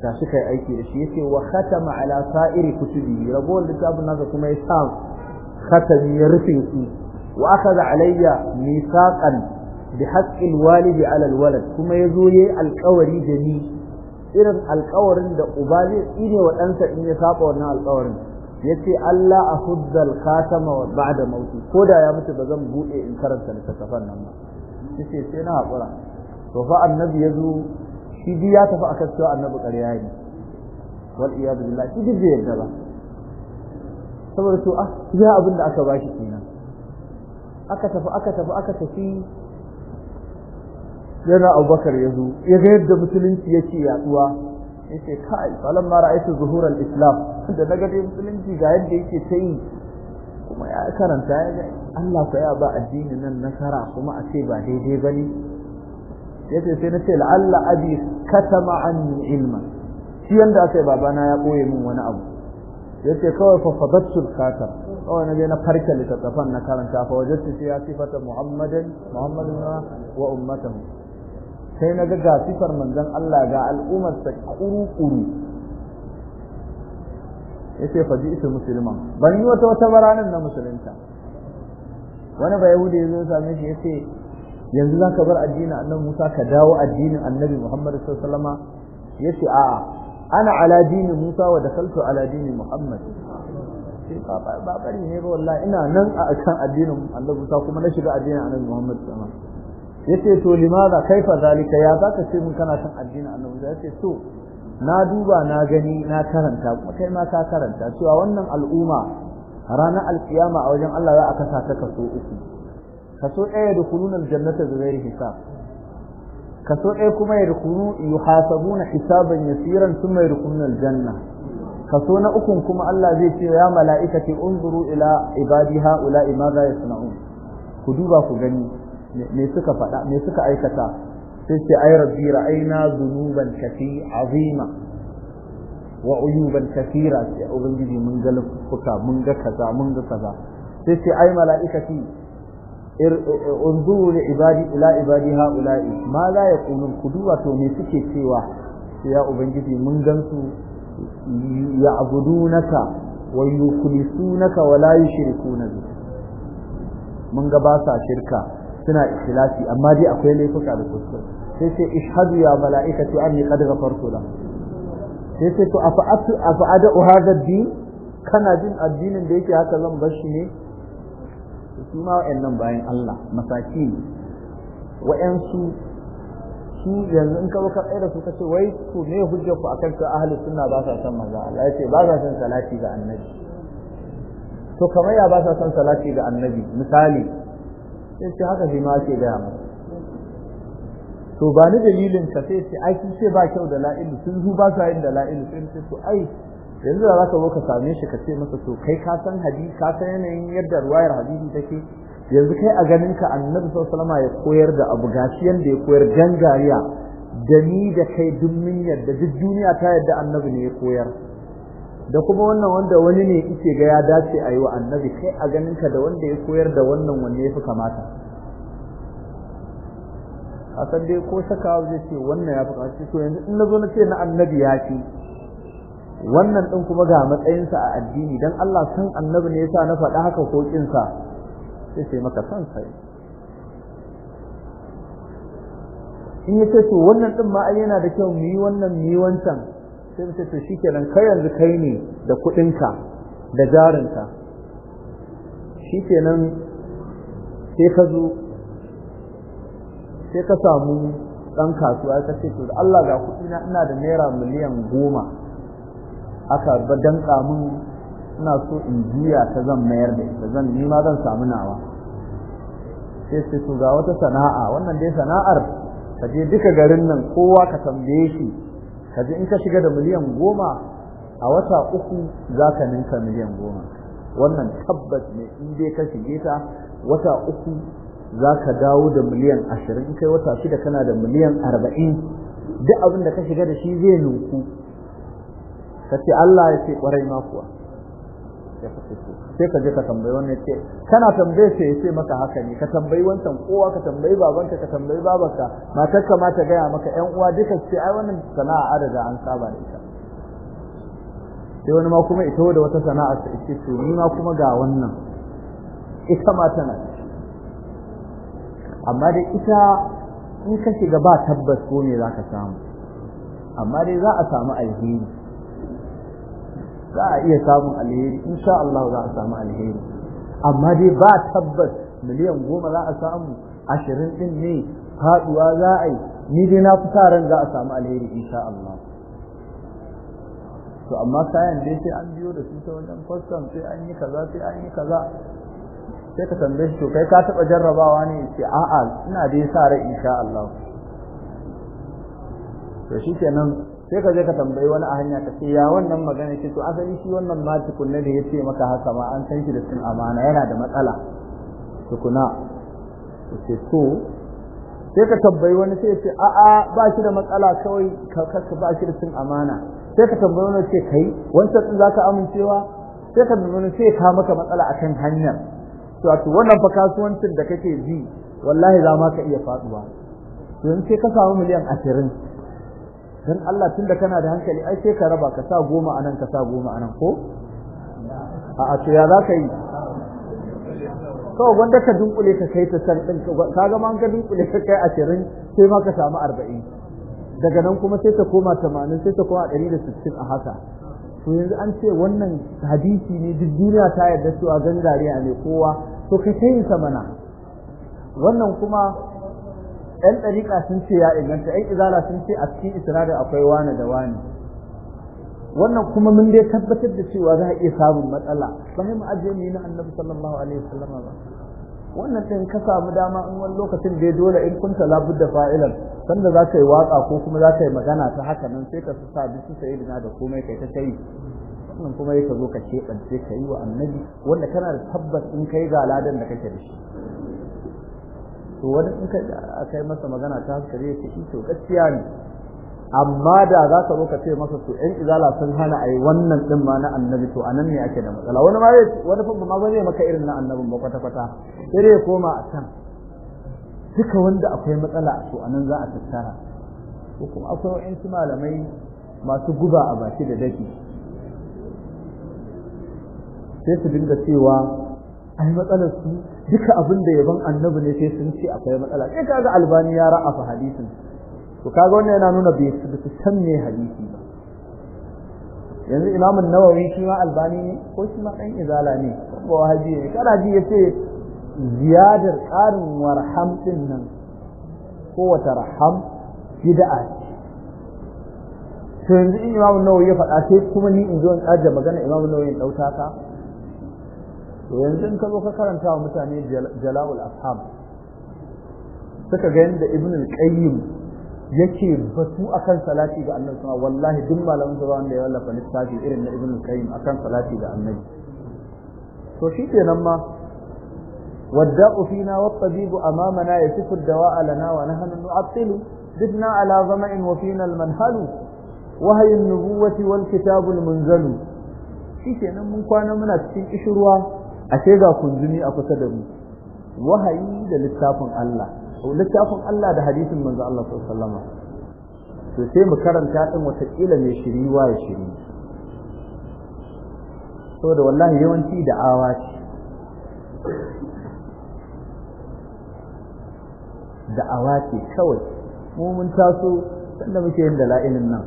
ta shi yi aiki da shi yace wa khatama ala sa'iri kutubi ragowar littafin nasa kuma ya sa khatami ya rufe su wa akhadha alayya mithaqan bi haqqi alwalidi ala alwalad kuma yazo yayi alƙawari da ni irin alƙawarin da uba zai tsine wa ɗansa in ya saba wannan alƙawarin yace Allah a huddal khatama ba'da mauti ko da ya mutu ba zan bude in karanta littafin nan ba yace sai na hakura to fa annabi yazo shi duk ya tafi akan cewa annabi ƙarya ne wal iyad billah shi duk bai yarda ba saboda to ah ya abin da aka bashi kenan aka tafi aka tafi aka tafi yana abubakar ya zo ya ga yadda musulunci ce yaduwa ya ce kai falon mara aiki zuhur al-islam da na gade musulunci ga yadda yake ta yi kuma ya karanta ya ga Allah ku ya ba addini nan nasara kuma a ce ba daidai ba ne yace sai na ce la'alla abi katama anni ilma shi yanda aka yi babana ya ɓoye min wani abu yace kawai fa fadattu al kawai kawai naje na farke littattafan na karanta fa wajadtu ya sifata muhammadin muhammadin wa ummatahu sai naga ga sifar manzon Allah ga al'ummar sa kurukuru yace fa isa musliman ban yi wata wata baranin na musulunta wani ba yahudi yazo same shi yace yanzu za ka bar addinin annabi Musa ka dawo addinin annabi Muhammad sallallahu ya ce a'a ana ala dinin Musa wa dakaltu ala dinin Muhammad sai ba bari ne ba wallahi ina nan a kan addinin annabi Musa kuma na shiga addinin annabi Muhammad sallallahu alaihi wasallam yace to limaza kaifa zalika ya zaka ce mun kana san addinin annabi Musa yace to na duba na gani na karanta kai ma ka karanta cewa wannan al'umma ranar alkiyama a wajen Allah za a kasa ta kaso uku kaso ɗaya da kununan jannata da zai hisab kaso ɗaya kuma ya rukunu yuhasabuna hisaban sun thumma yarkununa janna, kaso na ukun kuma Allah zai ce ya mala'ikati unzuru ila ibadi haula imaza yasna'un ku duba ku gani me suka faɗa me suka aikata sai ce ay rabbi ra'ayna dhunuban kafi azima wa uyuban kathira sai ubangiji mun ga lafuka mun ga kaza mun ga kaza sai ce ay mala'ikati انظروا لعبادي الى عبادي هؤلاء ما لا يقولون كدوا to me suke cewa ya ubangiji mun gansu ya'budunaka wa yukhlisunaka wa la yushrikuna bi mun ga ba sa shirka suna ikhlasi amma dai akwai laifuka da kuskure sai sai ishhadu ya mala'ikatu anni qad ghafartu lahum sai sai to afa afa ada hadha din kana jin addinin da yake haka zan bar shi ne su ma wa'annan bayan Allah masaki wa'ansu su yanzu in ka zo ka da su ka ce wai to ne hujjar ku akan ka ahli suna ba sa san maza? Allah ce ba sa san salati ga annabi to kamar ya ba sa san salati ga annabi misali sai ce haka shi ma ake gaya masa to ba ni dalilin ka sai ce ai sun ce ba kyau da la'ilu sun zu ba sa yin da la'ilu sai ce to ai yanzu da zaka zo ka same shi ka ce masa to kai ka san hadisi ka san yanayin yadda ruwayar hadisi take yanzu kai a ganin ka annabi sallallahu alaihi ya koyar da abu gashi yanda ya koyar gangariya da ni da kai duk mun yadda duk duniya ta yadda annabi ne ya koyar da kuma wannan wanda wani ne yake ga ya dace a yi wa annabi kai a ganin ka da wanda ya koyar da wannan wanne ya fi kamata a san dai ko shakawa zai ce wannan ya fi kamata to yanzu in na zo na ce na annabi ya ce wannan ɗin kuma ga matsayinsa a addini dan Allah san annabi ne yasa na faɗa haka ko sa sai sai maka san sai in yace to wannan ɗin ma yana da kyau mu yi wannan mu yi wancan sai ce to shikenan kai yanzu kai ne da kuɗinka da jarinka shikenan sai ka zo sai ka samu ɗan kasuwa ka ce to da Allah ga kuɗina ina da naira miliyan goma aka ba danka mun ina so in jiya ta zan mayar da ita zan ni ma zan samu nawa sai sai to ga wata sana'a wannan dai sana'ar ka je duka garin nan kowa ka tambaye shi ka je in ka shiga da miliyan goma a wata uku za ka ninka miliyan goma wannan tabbas ne in dai ka shige ta wata uku za ka dawo da miliyan ashirin kai wata shida kana da miliyan arba'in duk abin da ka shiga da shi zai nuku kace Allah ya ce kwarai ma kuwa sai ka je ka tambayi wannan ce kana tambaye shi ya ce maka haka ne ka tambayi wancan kowa ka tambayi babanka ka tambayi babanka matarka ma ta gaya maka ƴan uwa duka ce ai wannan sana'a adada an saba da ita sai wani ma kuma ita da wata sana'a ta ce to ni ma kuma ga wannan ita ma tana amma dai ita in ka shiga ba tabbas ko ne zaka samu amma dai za a samu alheri za a iya samun alheri insha Allah za a samu alheri amma dai ba tabbas miliyan goma za a samu ashirin din ne faduwa za a yi ni dai na fi sa ran za a samu alheri insha Allah to amma kayan dai sai an biyo da su ta wajen kwastam sai an yi kaza sai an yi kaza sai ka tambaye shi to kai ka taɓa jarrabawa ne ce a'a ina dai sa rai insha Allah to shikenan sai ka je ka tambayi wani a hanya ka ce ya wannan magana ce to asali shi wannan ma tukunna da yace maka haka ma an san shi da sun amana yana da matsala tukuna ce to sai ka tambayi wani sai ce a a ba shi da matsala kawai ka kasu ba shi da sun amana sai ka tambayi wani ce kai wancan din zaka amincewa sai ka tambayi wani sai ka maka matsala akan hanyar to wato wannan fa kasuwancin da kake ji wallahi za ma ka iya faduwa yanzu sai ka samu miliyan 20 dan Allah tunda kana da hankali ai sai ka raba ka sa goma anan ka sa goma anan ko a a to ya za ka yi kawai wanda ka dunkule ka kai ta san din ga man ka dunkule ka kai ashirin sai ma ka samu arba'in daga nan kuma sai ta koma tamanin sai ta koma ɗari da sittin a haka to yanzu an ce wannan hadisi ne duk duniya ta yarda cewa gangariya ne kowa to ka kai sa mana wannan kuma yan ɗariƙa sun ce ya inganta yan izala sun ce a cikin isnadin akwai wani da wani wannan kuma mun dai tabbatar da cewa za a iya samun matsala ba sai mu ajiye ni na annabi sallallahu alaihi wasallam ba wannan din ka samu dama in wani lokacin dai dole in kunta da fa'ilan sanda za ka yi waka ko kuma za ka yi magana ta haka nan sai ka sa bisu sayyidina da komai kai ta kai wannan kuma ya ka zo ka keɓance ka yi wa annabi wanda kana da tabbas in kai ga ladan da kake da shi to wani in ka kai masa magana ta hankali ka ce to gaskiya ne amma da za ka zo ka ce masa to 'yan izala sun hana a yi wannan din ma na annabi to anan ne ake da matsala wani ma zai wani fa ma zai maka irin na annabin ba kwata kwata sai ya koma a can duka wanda akwai matsala to anan za a tattara ko kuma akwai su malamai masu guba a baki da daki sai su dinga cewa ai matsalar su duka abin da yaban annabi ne sai sun ce akwai matsala sai kaga albani ya ra'afa hadisin to kaga wannan yana nuna bai su san me hadisi ba yanzu imam an-nawawi shi ma albani ne ko shi ma dan izala ne ba wahabi ne kada ji yace ziyadar qarin warham din nan ko wata raham bid'a to yanzu imam an-nawawi ya faɗa sai kuma ni in zo in kaje magana imam an-nawawi ya dauka ka yanzu in ka zo ka karanta wa mutane jala'ul ashab suka ga yadda ibn al-qayyim yake batu akan salati ga annabi sama wallahi duk malamin da wanda ya wallafa littafi irin na ibn al-qayyim akan salati ga annabi to shi kenan ma wadda'u fina wat-tabibu amamana yasifu ad-dawa'a lana wa nahnu nu'attilu zidna ala zama'in wa fina al-manhalu وهي النبوة والكتاب المنزل shi kenan mun kwana muna cikin kishirwa ashe ga kunzumi a kusa da mu wahayi da littafin Allah littafin Allah da hadisin manzo Allah sallallahu alaihi wasallam sai mu karanta din watakila mai shiriwa ya shiri saboda wallahi yawanci da'awa ce da'awa ce kawai mu mun taso sanda muke yin dala'ilin nan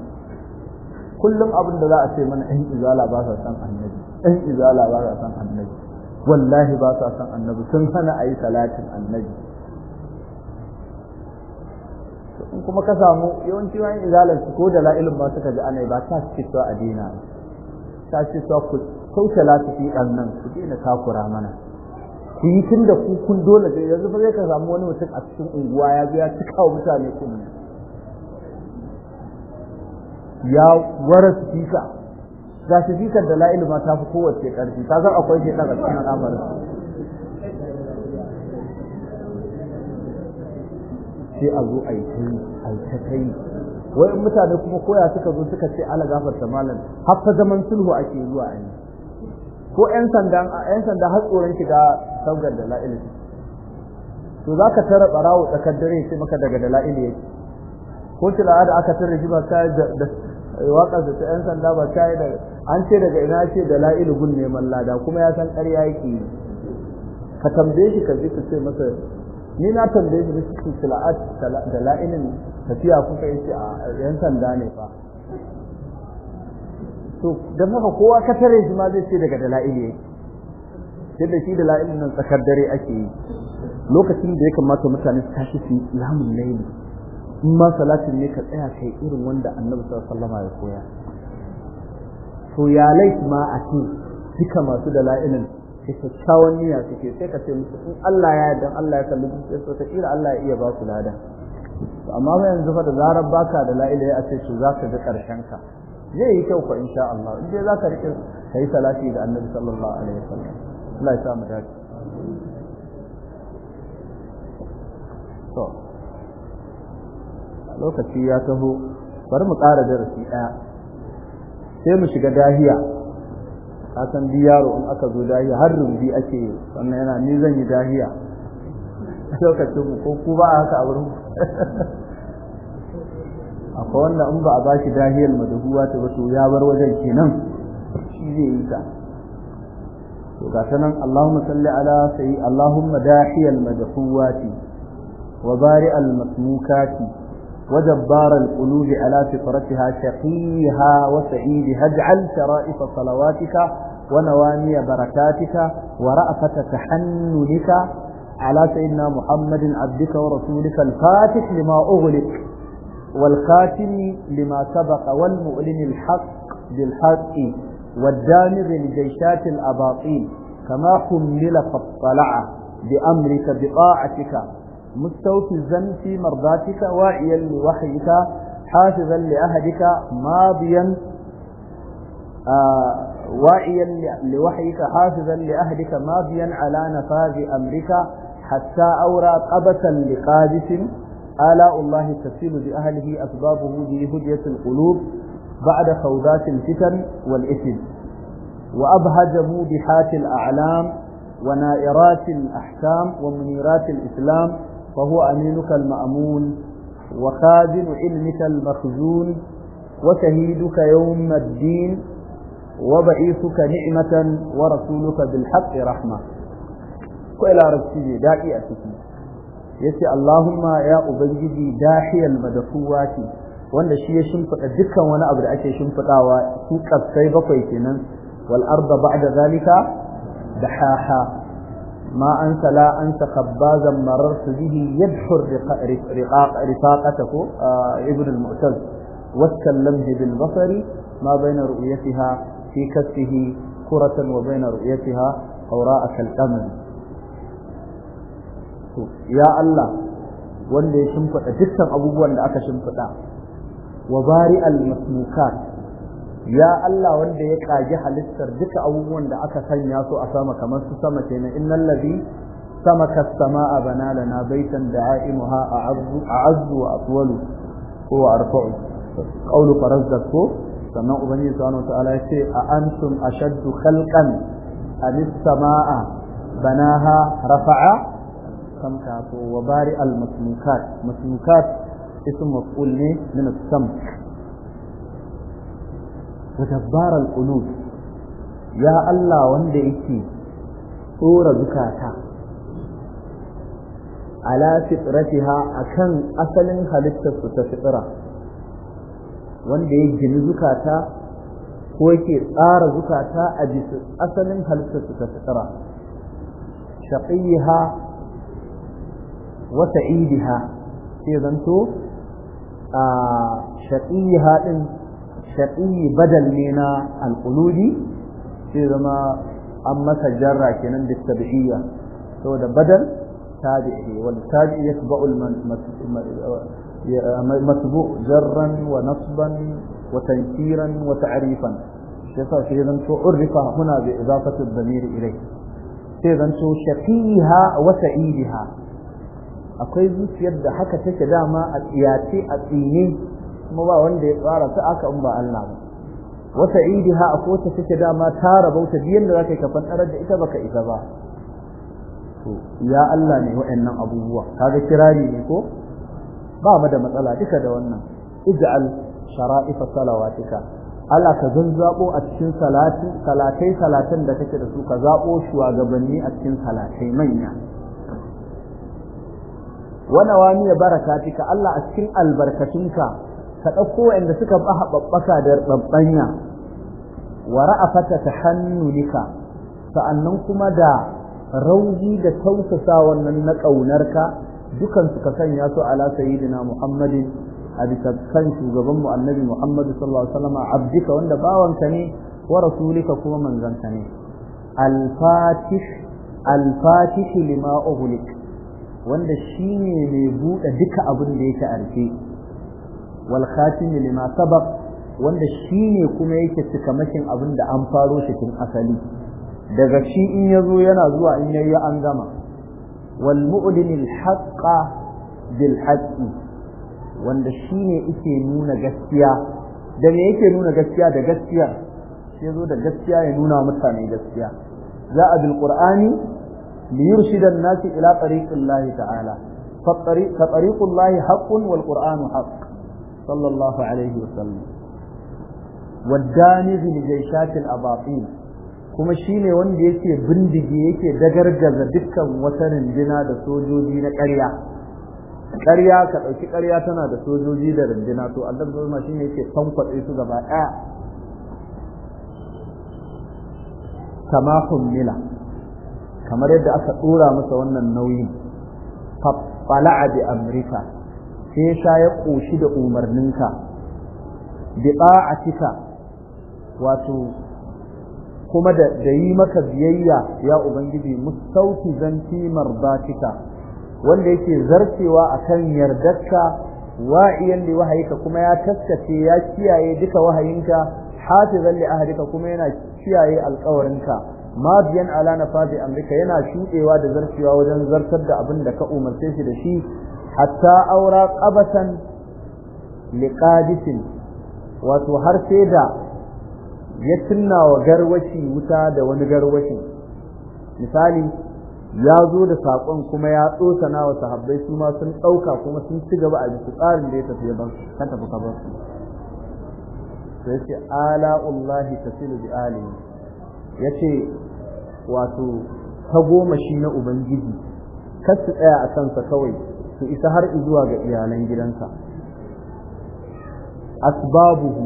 kullum abin da za a ce mana in izala ba sa san annabi in izala ba sa san annabi wallahi ba sa san annabi sun hana ayi yi salatin annabi in kuma ka samu yawanci wani izalar ko da la'ilin ba suka ji anai ba ta cikin a dina ta ce cewa ku sauke latifi ɗan nan ku dina takura mana ku yi tun da ku kun dole da yanzu ba zai ka samu wani mutum a cikin unguwa ya zo ya cika wa mutane kunne ya wara su fisa. za su fikar da la'ilu ma ta fi kowace ƙarfi ta zan akwai shi ɗan a cikin al'amarin sai a zo a yi kai wai in mutane kuma koya suka zo suka ce ala gafar malam har fa zaman sulhu ake zuwa a yi ko yan sanda 'yan sanda har tsoron shiga saugar da la'ilu to za ka tara ɓarawo tsakar dare sai maka daga da la'ilu yake ko tilawa da aka tara ba ta da Eh, waƙar da ta sanda ba ta yi da an ce daga ina ce da la'ilu gun neman lada kuma ya san ƙarya yake ka tambaye shi ka ji ka ce masa ni na tambaye shi cikin sila'at da la'ilin tafiya kuka yace a ɗan sanda ne fa to dan haka kowa ka tare shi ma zai ce daga da dala'ili yake yadda shi la'ilin nan tsakar dare ake yi lokacin da ya kamata mutane su tashi su yi lamun laili in ma salatin ne ka tsaya kai irin wanda annabi sallallahu alaihi ya koya to ya laifi ma a ce duka masu da la'ilin sai kyakkyawan niyya suke sai ka ce musu in Allah ya yarda Allah ya kalli zuciyar su kila Allah ya iya ba ku lada to amma ba yanzu fa da zarar baka da la'ila ya ce to zaka ji karshen ka zai yi kyau ko insha Allah in dai zaka rike yi salati da annabi sallallahu alaihi wasallam Allah ya sa mu dace to lokaci ya taho bari mu ƙara darasi ɗaya sai mu shiga dahiya ka san bi yaro in aka zo dahiya har rumbi ake yi wannan yana ni zan yi dahiya lokacin mu ko ku ba haka a wurin [laughs] akwai wanda in ba a ba shi dahiyar madahuwa ta ba to ya bar wajen kenan shi zai yi ta to ga sanan Allahumma salli ala sai Allahumma dahiyal madhuwati wa bari masmukati وجبار القلوب على فطرتها شقيها وسعيدها اجعل شرائف صلواتك ونواني بركاتك ورأفة تحننك على سيدنا محمد عبدك ورسولك الفاتح لما أغلق والخاتم لما سبق والمؤلم الحق بالحق والدامر لجيشات الأباطيل كما حمل فاطلع بأمرك بطاعتك مستوفي الزن في مرضاتك واعيا لوحيك حافظا لأهدك ماضيا آه واعيا لوحيك حافظا لأهلك ماضيا على نفاذ أمرك حتى أورى قبة لقادس آلاء الله تسيل بأهله أسبابه بهدية القلوب بعد خوضات الفتن والإثم وأبهج جمودحات الأعلام ونائرات الأحكام ومنيرات الإسلام فهو أمينك المأمون وخازن علمك المخزون وشهيدك يوم الدين وبعيثك نعمة ورسولك بالحق رحمة كل رسولي دائي أتكي يسي اللهم يا أبنجدي داحي المدفوات wanda shi ya shimfiɗa وانا أبدا أشي da ake shimfiɗawa su kasai bakwai kenan wal ما أنت لا أنت خبازا مررت به يدحر رقاق رفاقته آه، ابن المعتز واتكلمه بالبصر ما بين رؤيتها في كفه كرة وبين رؤيتها قوراء كالقمر يا الله ولي ya جدا dukkan abubuwan da aka وبارئ wa ya Allah wanda ya kagi halittar duka abubuwan da aka sanya su a sama kamar su sama kenan innal ladhi samaka as a bana lana baitan da'imuha a a'azzu a atwalu ko a arfa'u qawlu farazzat ko sannan ubangiji subhanahu ta'ala ya ce a antum a khalqan am a samaa banaha rafa'a kam ka to wa bari al-masmukat masmukat ism maf'ul ne min as-samk wa jabbaral qulub ya Allah wanda yake tsora zukata ala fitratiha akan asalin halittar su wanda ya gini zukata ko yake tsara zukata a bisa asalin halittar su a shaqiha din shaƙi badal ne na alƙuludi sai zama an masa jarra kenan da tabi'iyya saboda badal tabi'i wal tabi'i yatba'u al jarran wa nasban wa tankiran wa ta'rifan sai sa sai zan to urrifa huna bi idafati ad-damir ilayhi sai zan to shaqiha wa sa'idiha akwai zuciyar da haka take dama a tsiyace a tsine kuma ba wanda ya tsara ta aka umba Allah ba wata idiha a ta take dama ta rabauta biyan da zakai kafan tarar da ita baka isa ba to ya Allah ne wa'annan abubuwa kaga kirari ne ko ba mu da matsala duka da wannan ij'al shara'ifa salawatika Allah ka zanzabo a cikin salati salatai salatin da kake da su ka zabo shugabanni a cikin salatai manya wa nawamiya barakatika Allah a cikin albarkatunka ka ɗauko wa'anda suka baha babbaka da babbanya wa ra'afata ta hannunika sa'annan kuma da rauji da tausasa wannan na ƙaunarka dukansu ka sanya su ala sayyidina muhammadin a bisa kan shugaban mu annabi muhammadu sallallahu alaihi wasallam abdika wanda bawanka ne wa rasulika kuma manzanka ne al-fatih al-fatih lima ughliq wanda shine mai buɗe duka abin da yake arfe wal khatim lima sabaq wanda shine kuma yake cikamashin abin da an faro shi tun asali daga shi in yazo yana zuwa in yayi an gama wal mu'lin al haqqa bil haqqi wanda shine yake nuna gaskiya da me yake nuna gaskiya da gaskiya sai zo da gaskiya ya nuna mutane gaskiya za za'a bil qur'ani ليرشد الناس إلى طريق الله ta'ala فطريق, فطريق الله حق والقرآن حق صلى الله عليه وسلم والداني بجيشات الأباطيل kuma shine wanda yake bindige yake dagargaza dukkan wata rindina da sojoji na ƙarya ƙarya ka ɗauki ƙarya tana da sojoji da rindina to Allah zama shine yake tankwatse su gaba ɗaya kama Mila kamar yadda aka ɗora masa wannan nauyin faffala'a bi amrika sai ya sha ya ƙoshi da umarninka bi cika wato kuma da yi maka biyayya ya ubangiji mustauti zanti marbatika wanda yake zarcewa akan yardarka wa'iyan li ka kuma ya taskace ya kiyaye duka wahayinka hafizan zalli ahadika kuma yana kiyaye ma mabiyan ala fadi amrika yana shuɗewa da zarcewa wajen zartar da abin da ka umarce shi da shi hatta aura qabatan liqadisin wato har sai da ya tunna wa garwashi wuta da wani garwashi misali ya zo da saƙon kuma ya tsosana wa sahabbai su ma sun ɗauka kuma sun ci gaba a bisa tsarin da ya tafi ban ka tafi ka bar su to yace ala'ullahi tasilu bi alihi yace wato ta goma shi na ubangiji kar su tsaya a kansa kawai su isa har zuwa ga iyalan gidansa asbabuhu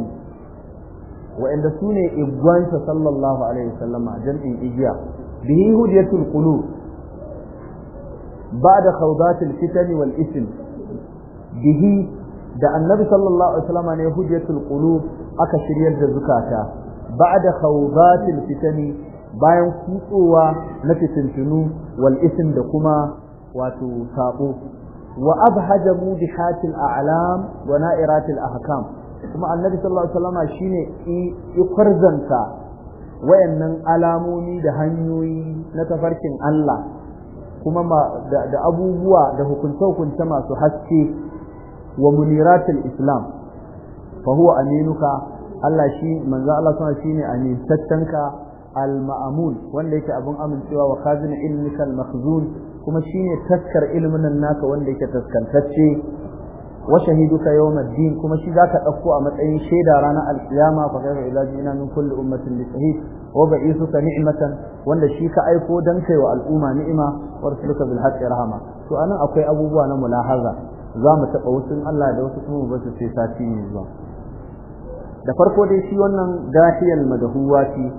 wa'anda su ne igwansa sallallahu alaihi wasallama jam'in igiya bihi hudiyatul qulub ba'da khawdatil fitan wal ism bihi da annabi sallallahu alaihi wasallama ne hudiyatul qulub aka shiryar da zukata ba'da khawdatil fitan bayan kutsowa na fitintunu wal ism da kuma wato sabo wa abhaja mudihatil a'lam wa na'iratil ahkam kuma annabi sallallahu alaihi wasallam shine i kwarzanta wayannan alamomi da hanyoyi na tafarkin Allah kuma da abubuwa da hukunce-hukunce masu haske wa muniratul islam fa huwa aminuka Allah shi manzo Allah sana al-ma'mun wanda yake abin amincewa wa khazin ilmika al-makhzun kuma ne taskar ilimin naka wanda yake taskantacce wa shahiduka din kuma shi zaka dauko a matsayin shaida ranar alkiyama fa kai ila jina min kulli ummatin bi shahid wa ba'ithuka ni'matan wanda shi ka aiko dan kai wa al'umma ni'ima wa rasuluka bil haqqi rahama to anan akwai abubuwa na mulahaza za mu taɓa wasu Allah da wasu kuma ba su sai sati ne zuwa da farko dai shi wannan dahiyal madahuwati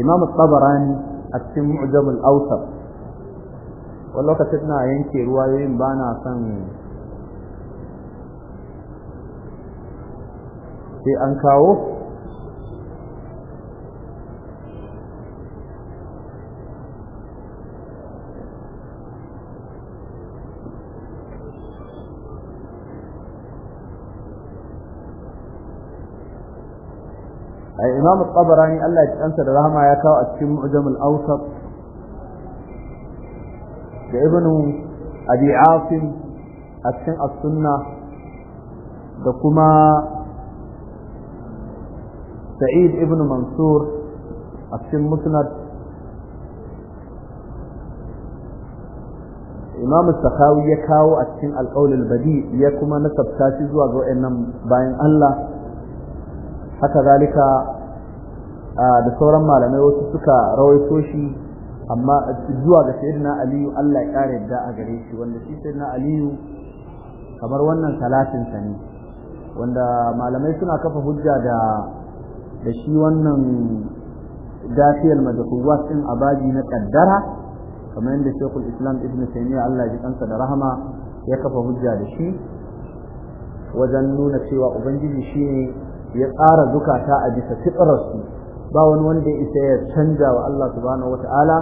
imam at-tabarani a cikin mu'jam al-awsat wani lokacin na yanke ruwayoyin ba na son sai an kawo الإمام الطبراني الله يجزاه الرحمة يكاو أتكلم معجم الأوسط da ibn abi asim a cikin as-sunna da kuma sa'id ibn mansur a cikin musnad imam sakawi ya kawo a cikin alƙaulul badi ya kuma na shi zuwa ga wayannan bayan Allah haka zalika da sauran malamai wasu suka rawaito shi amma zuwa ga sayyidina aliyu Allah ya kare yadda a gare shi wanda shi sayyidina aliyu kamar wannan salatin sa ne wanda malamai suna kafa hujja da da shi wannan dafiyar madhuwat din abaji na kaddara kamar yadda Sheikhul Islam Ibn Taymiyyah Allah ya kansa da rahama ya kafa hujja da shi wajen nuna cewa ubangiji shi ya tsara zukata a bisa fitrarsu ba wani wanda ya isa ya canja wa Allah subhanahu wata'ala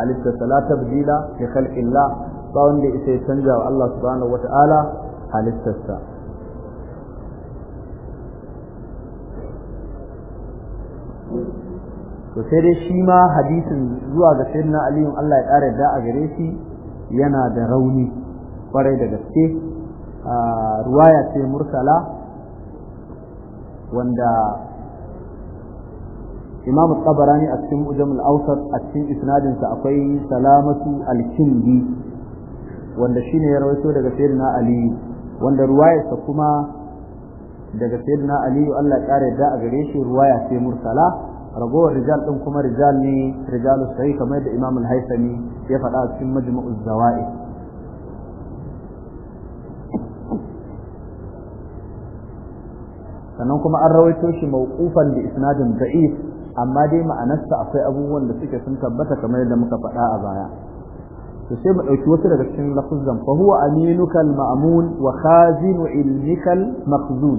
halitta salata bidila fi khalqillah ba wanda ya isa ya canja wa Allah subhanahu wata'ala halittarsa to sai dai shi ma hadisin zuwa ga sayyidina Ali Allah ya kare da a gare shi yana da rauni kwarai da gaske ah, ruwaya ce mursala wanda imam tabarani a cikin mujam al-awsat a cikin isnadin akwai salamatu al-kindi wanda shine ya rawaito daga sayyidina ali wanda ruwayarsa kuma daga sayyidina ali Allah ya kare da a gare shi ruwaya sai mursala ragowar rijal din kuma rijal ne rijalus sahih kamar da imam al-haythami ya faɗa a cikin majmu'uz zawaid sannan kuma an rawaito shi mawqufan bi isnadin da'if amma dai ma'anarsa akwai abubuwan da suke sun tabbata kamar yadda muka faɗa a baya to sai mu ɗauki wasu daga cikin lafuzan fa huwa aminuka mamun wa khazinu ilmikal al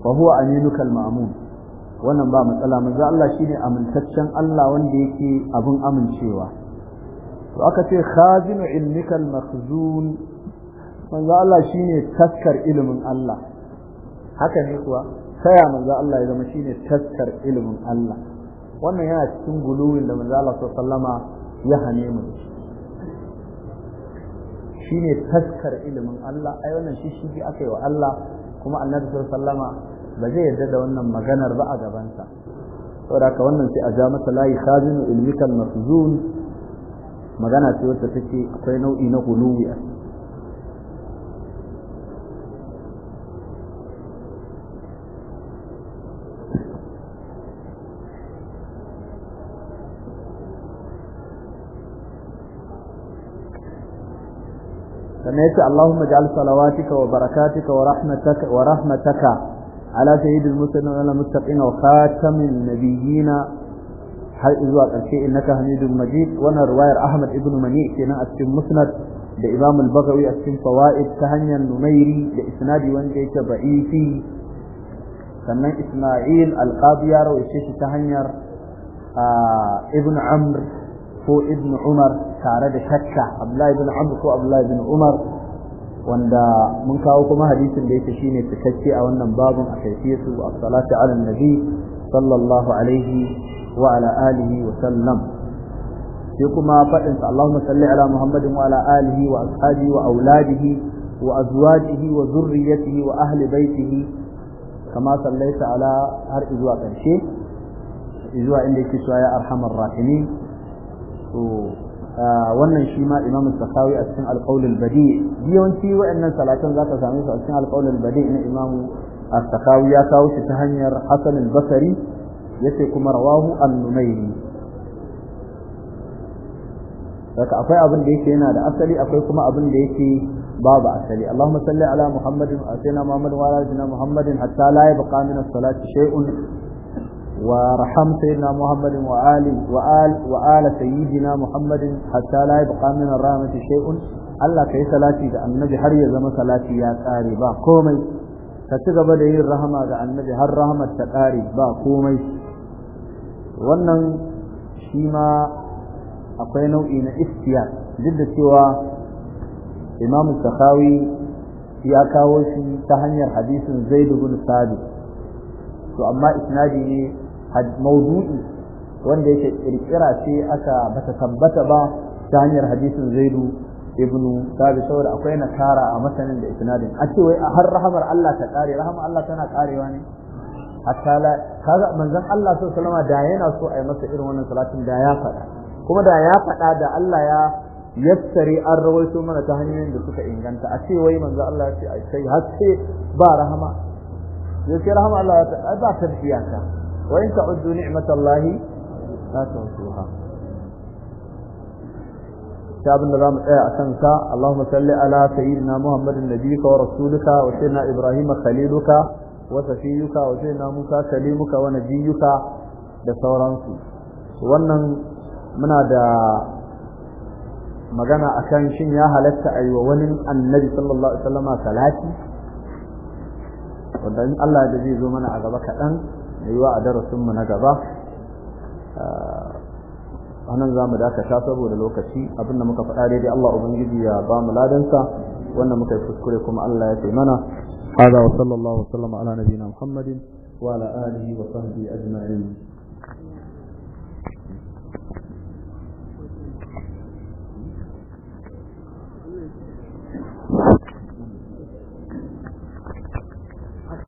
fa huwa mamun wannan ba matsala manzo Allah shine amintaccen Allah wanda yake abun amincewa to aka ce khazinu ilmikal al manzo Allah shine taskar ilimin Allah haka ne kuwa taya manzo Allah ya zama shine taskar ilimin Allah wannan yana cikin guluwin da manzo Allah sallama ya hane mu shine taskar ilimin Allah ai wannan shi shi aka yi wa Allah kuma annabi sallama ba zai yarda da wannan maganar ba a gabansa saboda ka wannan sai a ja masa layi khazinu ilmikal mafzun magana ce wacce take akwai nau'i na guluwi a sannan yace Allahumma ja'al salawatika wa barakatika wa rahmataka wa rahmataka ala sayyidil muslimin wal muttaqin wa khatamin nabiyyin har zuwa ƙarshe innaka hamidul majid wannan riwayar Ahmad ibn Mani kenan a cikin musnad da Imam al-Baghawi a cikin fawaid ta hanyar Numairi da isnadi wanda yake ba'ifi sannan Isma'il al-Qadi ya rawaye shi ta hanyar ah, Ibn Amr ko ibn umar tare da shakka abdullahi bin amr ko abdullahi bin umar wanda mun kawo kuma hadisin da yake shine cikakke a wannan babun a kaifiyatu as-salatu ala nabi sallallahu alaihi wa ala alihi wa sallam sai kuma fadin sa Allahumma salli ala Muhammadin wa ala alihi wa ashabihi wa auladihi wa azwajihi wa zurriyyatihi wa ahli baitihi kama sallaita ala har izuwa karshe izuwa inda yake cewa ya arhamar rahimin wannan shi ma imam sakawi a cikin alƙaulul badi yawanci waɗannan salatan zaka same su a cikin alƙaulul badi na imam sakawi ya kawo shi ta hanyar hasan al-basri yace kuma rawahu an-numayri saka akwai abin da yake yana da asali akwai kuma abin da yake babu asali Allahumma salli ala Muhammadin wa sayyidina Muhammadin wa ala sayyidina Muhammadin hatta la yabqa min as-salati shay'un وارحم سيدنا محمد وآل وآل وآل سيدنا محمد حتى لا يبقى من الرحمة شيء Allah kai salati ga annabi har ya zama salati ya tsare ba komai ka ci gaba da yin rahama ga annabi har rahamar ta tsare ba komai wannan shi ma akwai nau'i na istiya duk da cewa Imam Sakhawi ya kawo shi ta hanyar hadisin Zaid ibn Sabit to amma isnadi ne maudu'i wanda yake kirkira ce aka bata tabbata ba ta hanyar hadisin zaidu ibnu sabi saboda akwai nasara a masanin da isnadin a ce wai a har rahamar Allah ta kare rahamar Allah tana karewa ne hatta la kaga manzon Allah sallallahu alaihi da yana so a yi masa irin wannan salatin da ya faɗa kuma da ya faɗa da Allah ya yassare an rawaito mana ta hanyoyin da suka inganta a ce wai manzon Allah ya ce a sai har sai ba rahama sai rahama Allah ya ta ba ta wa in ta'uddu ni'matallahi la tuhsuha kitabun da zamu tsaya akan ka Allahumma salli ala sayyidina Muhammadin nabiyika wa rasulika wa sayyidina Ibrahim khaliluka wa safiyuka wa sayyidina Musa kalimuka wa da sauransu wannan muna da magana akan shin ya halatta a yi wa wani annabi sallallahu alaihi wasallama salati wanda in Allah da zai zo mana a gaba kaɗan yiwa a darasinmu na gaba a nan za mu dakata saboda lokaci abinda muka faɗa daidai Allah Ubangiji ya ba mu ladansa wannan muka yi kuskure kuma Allah ya taimana hada wa sallallahu wa sallama ala nabiyina Muhammadin wa ala alihi wa sahbihi ajma'in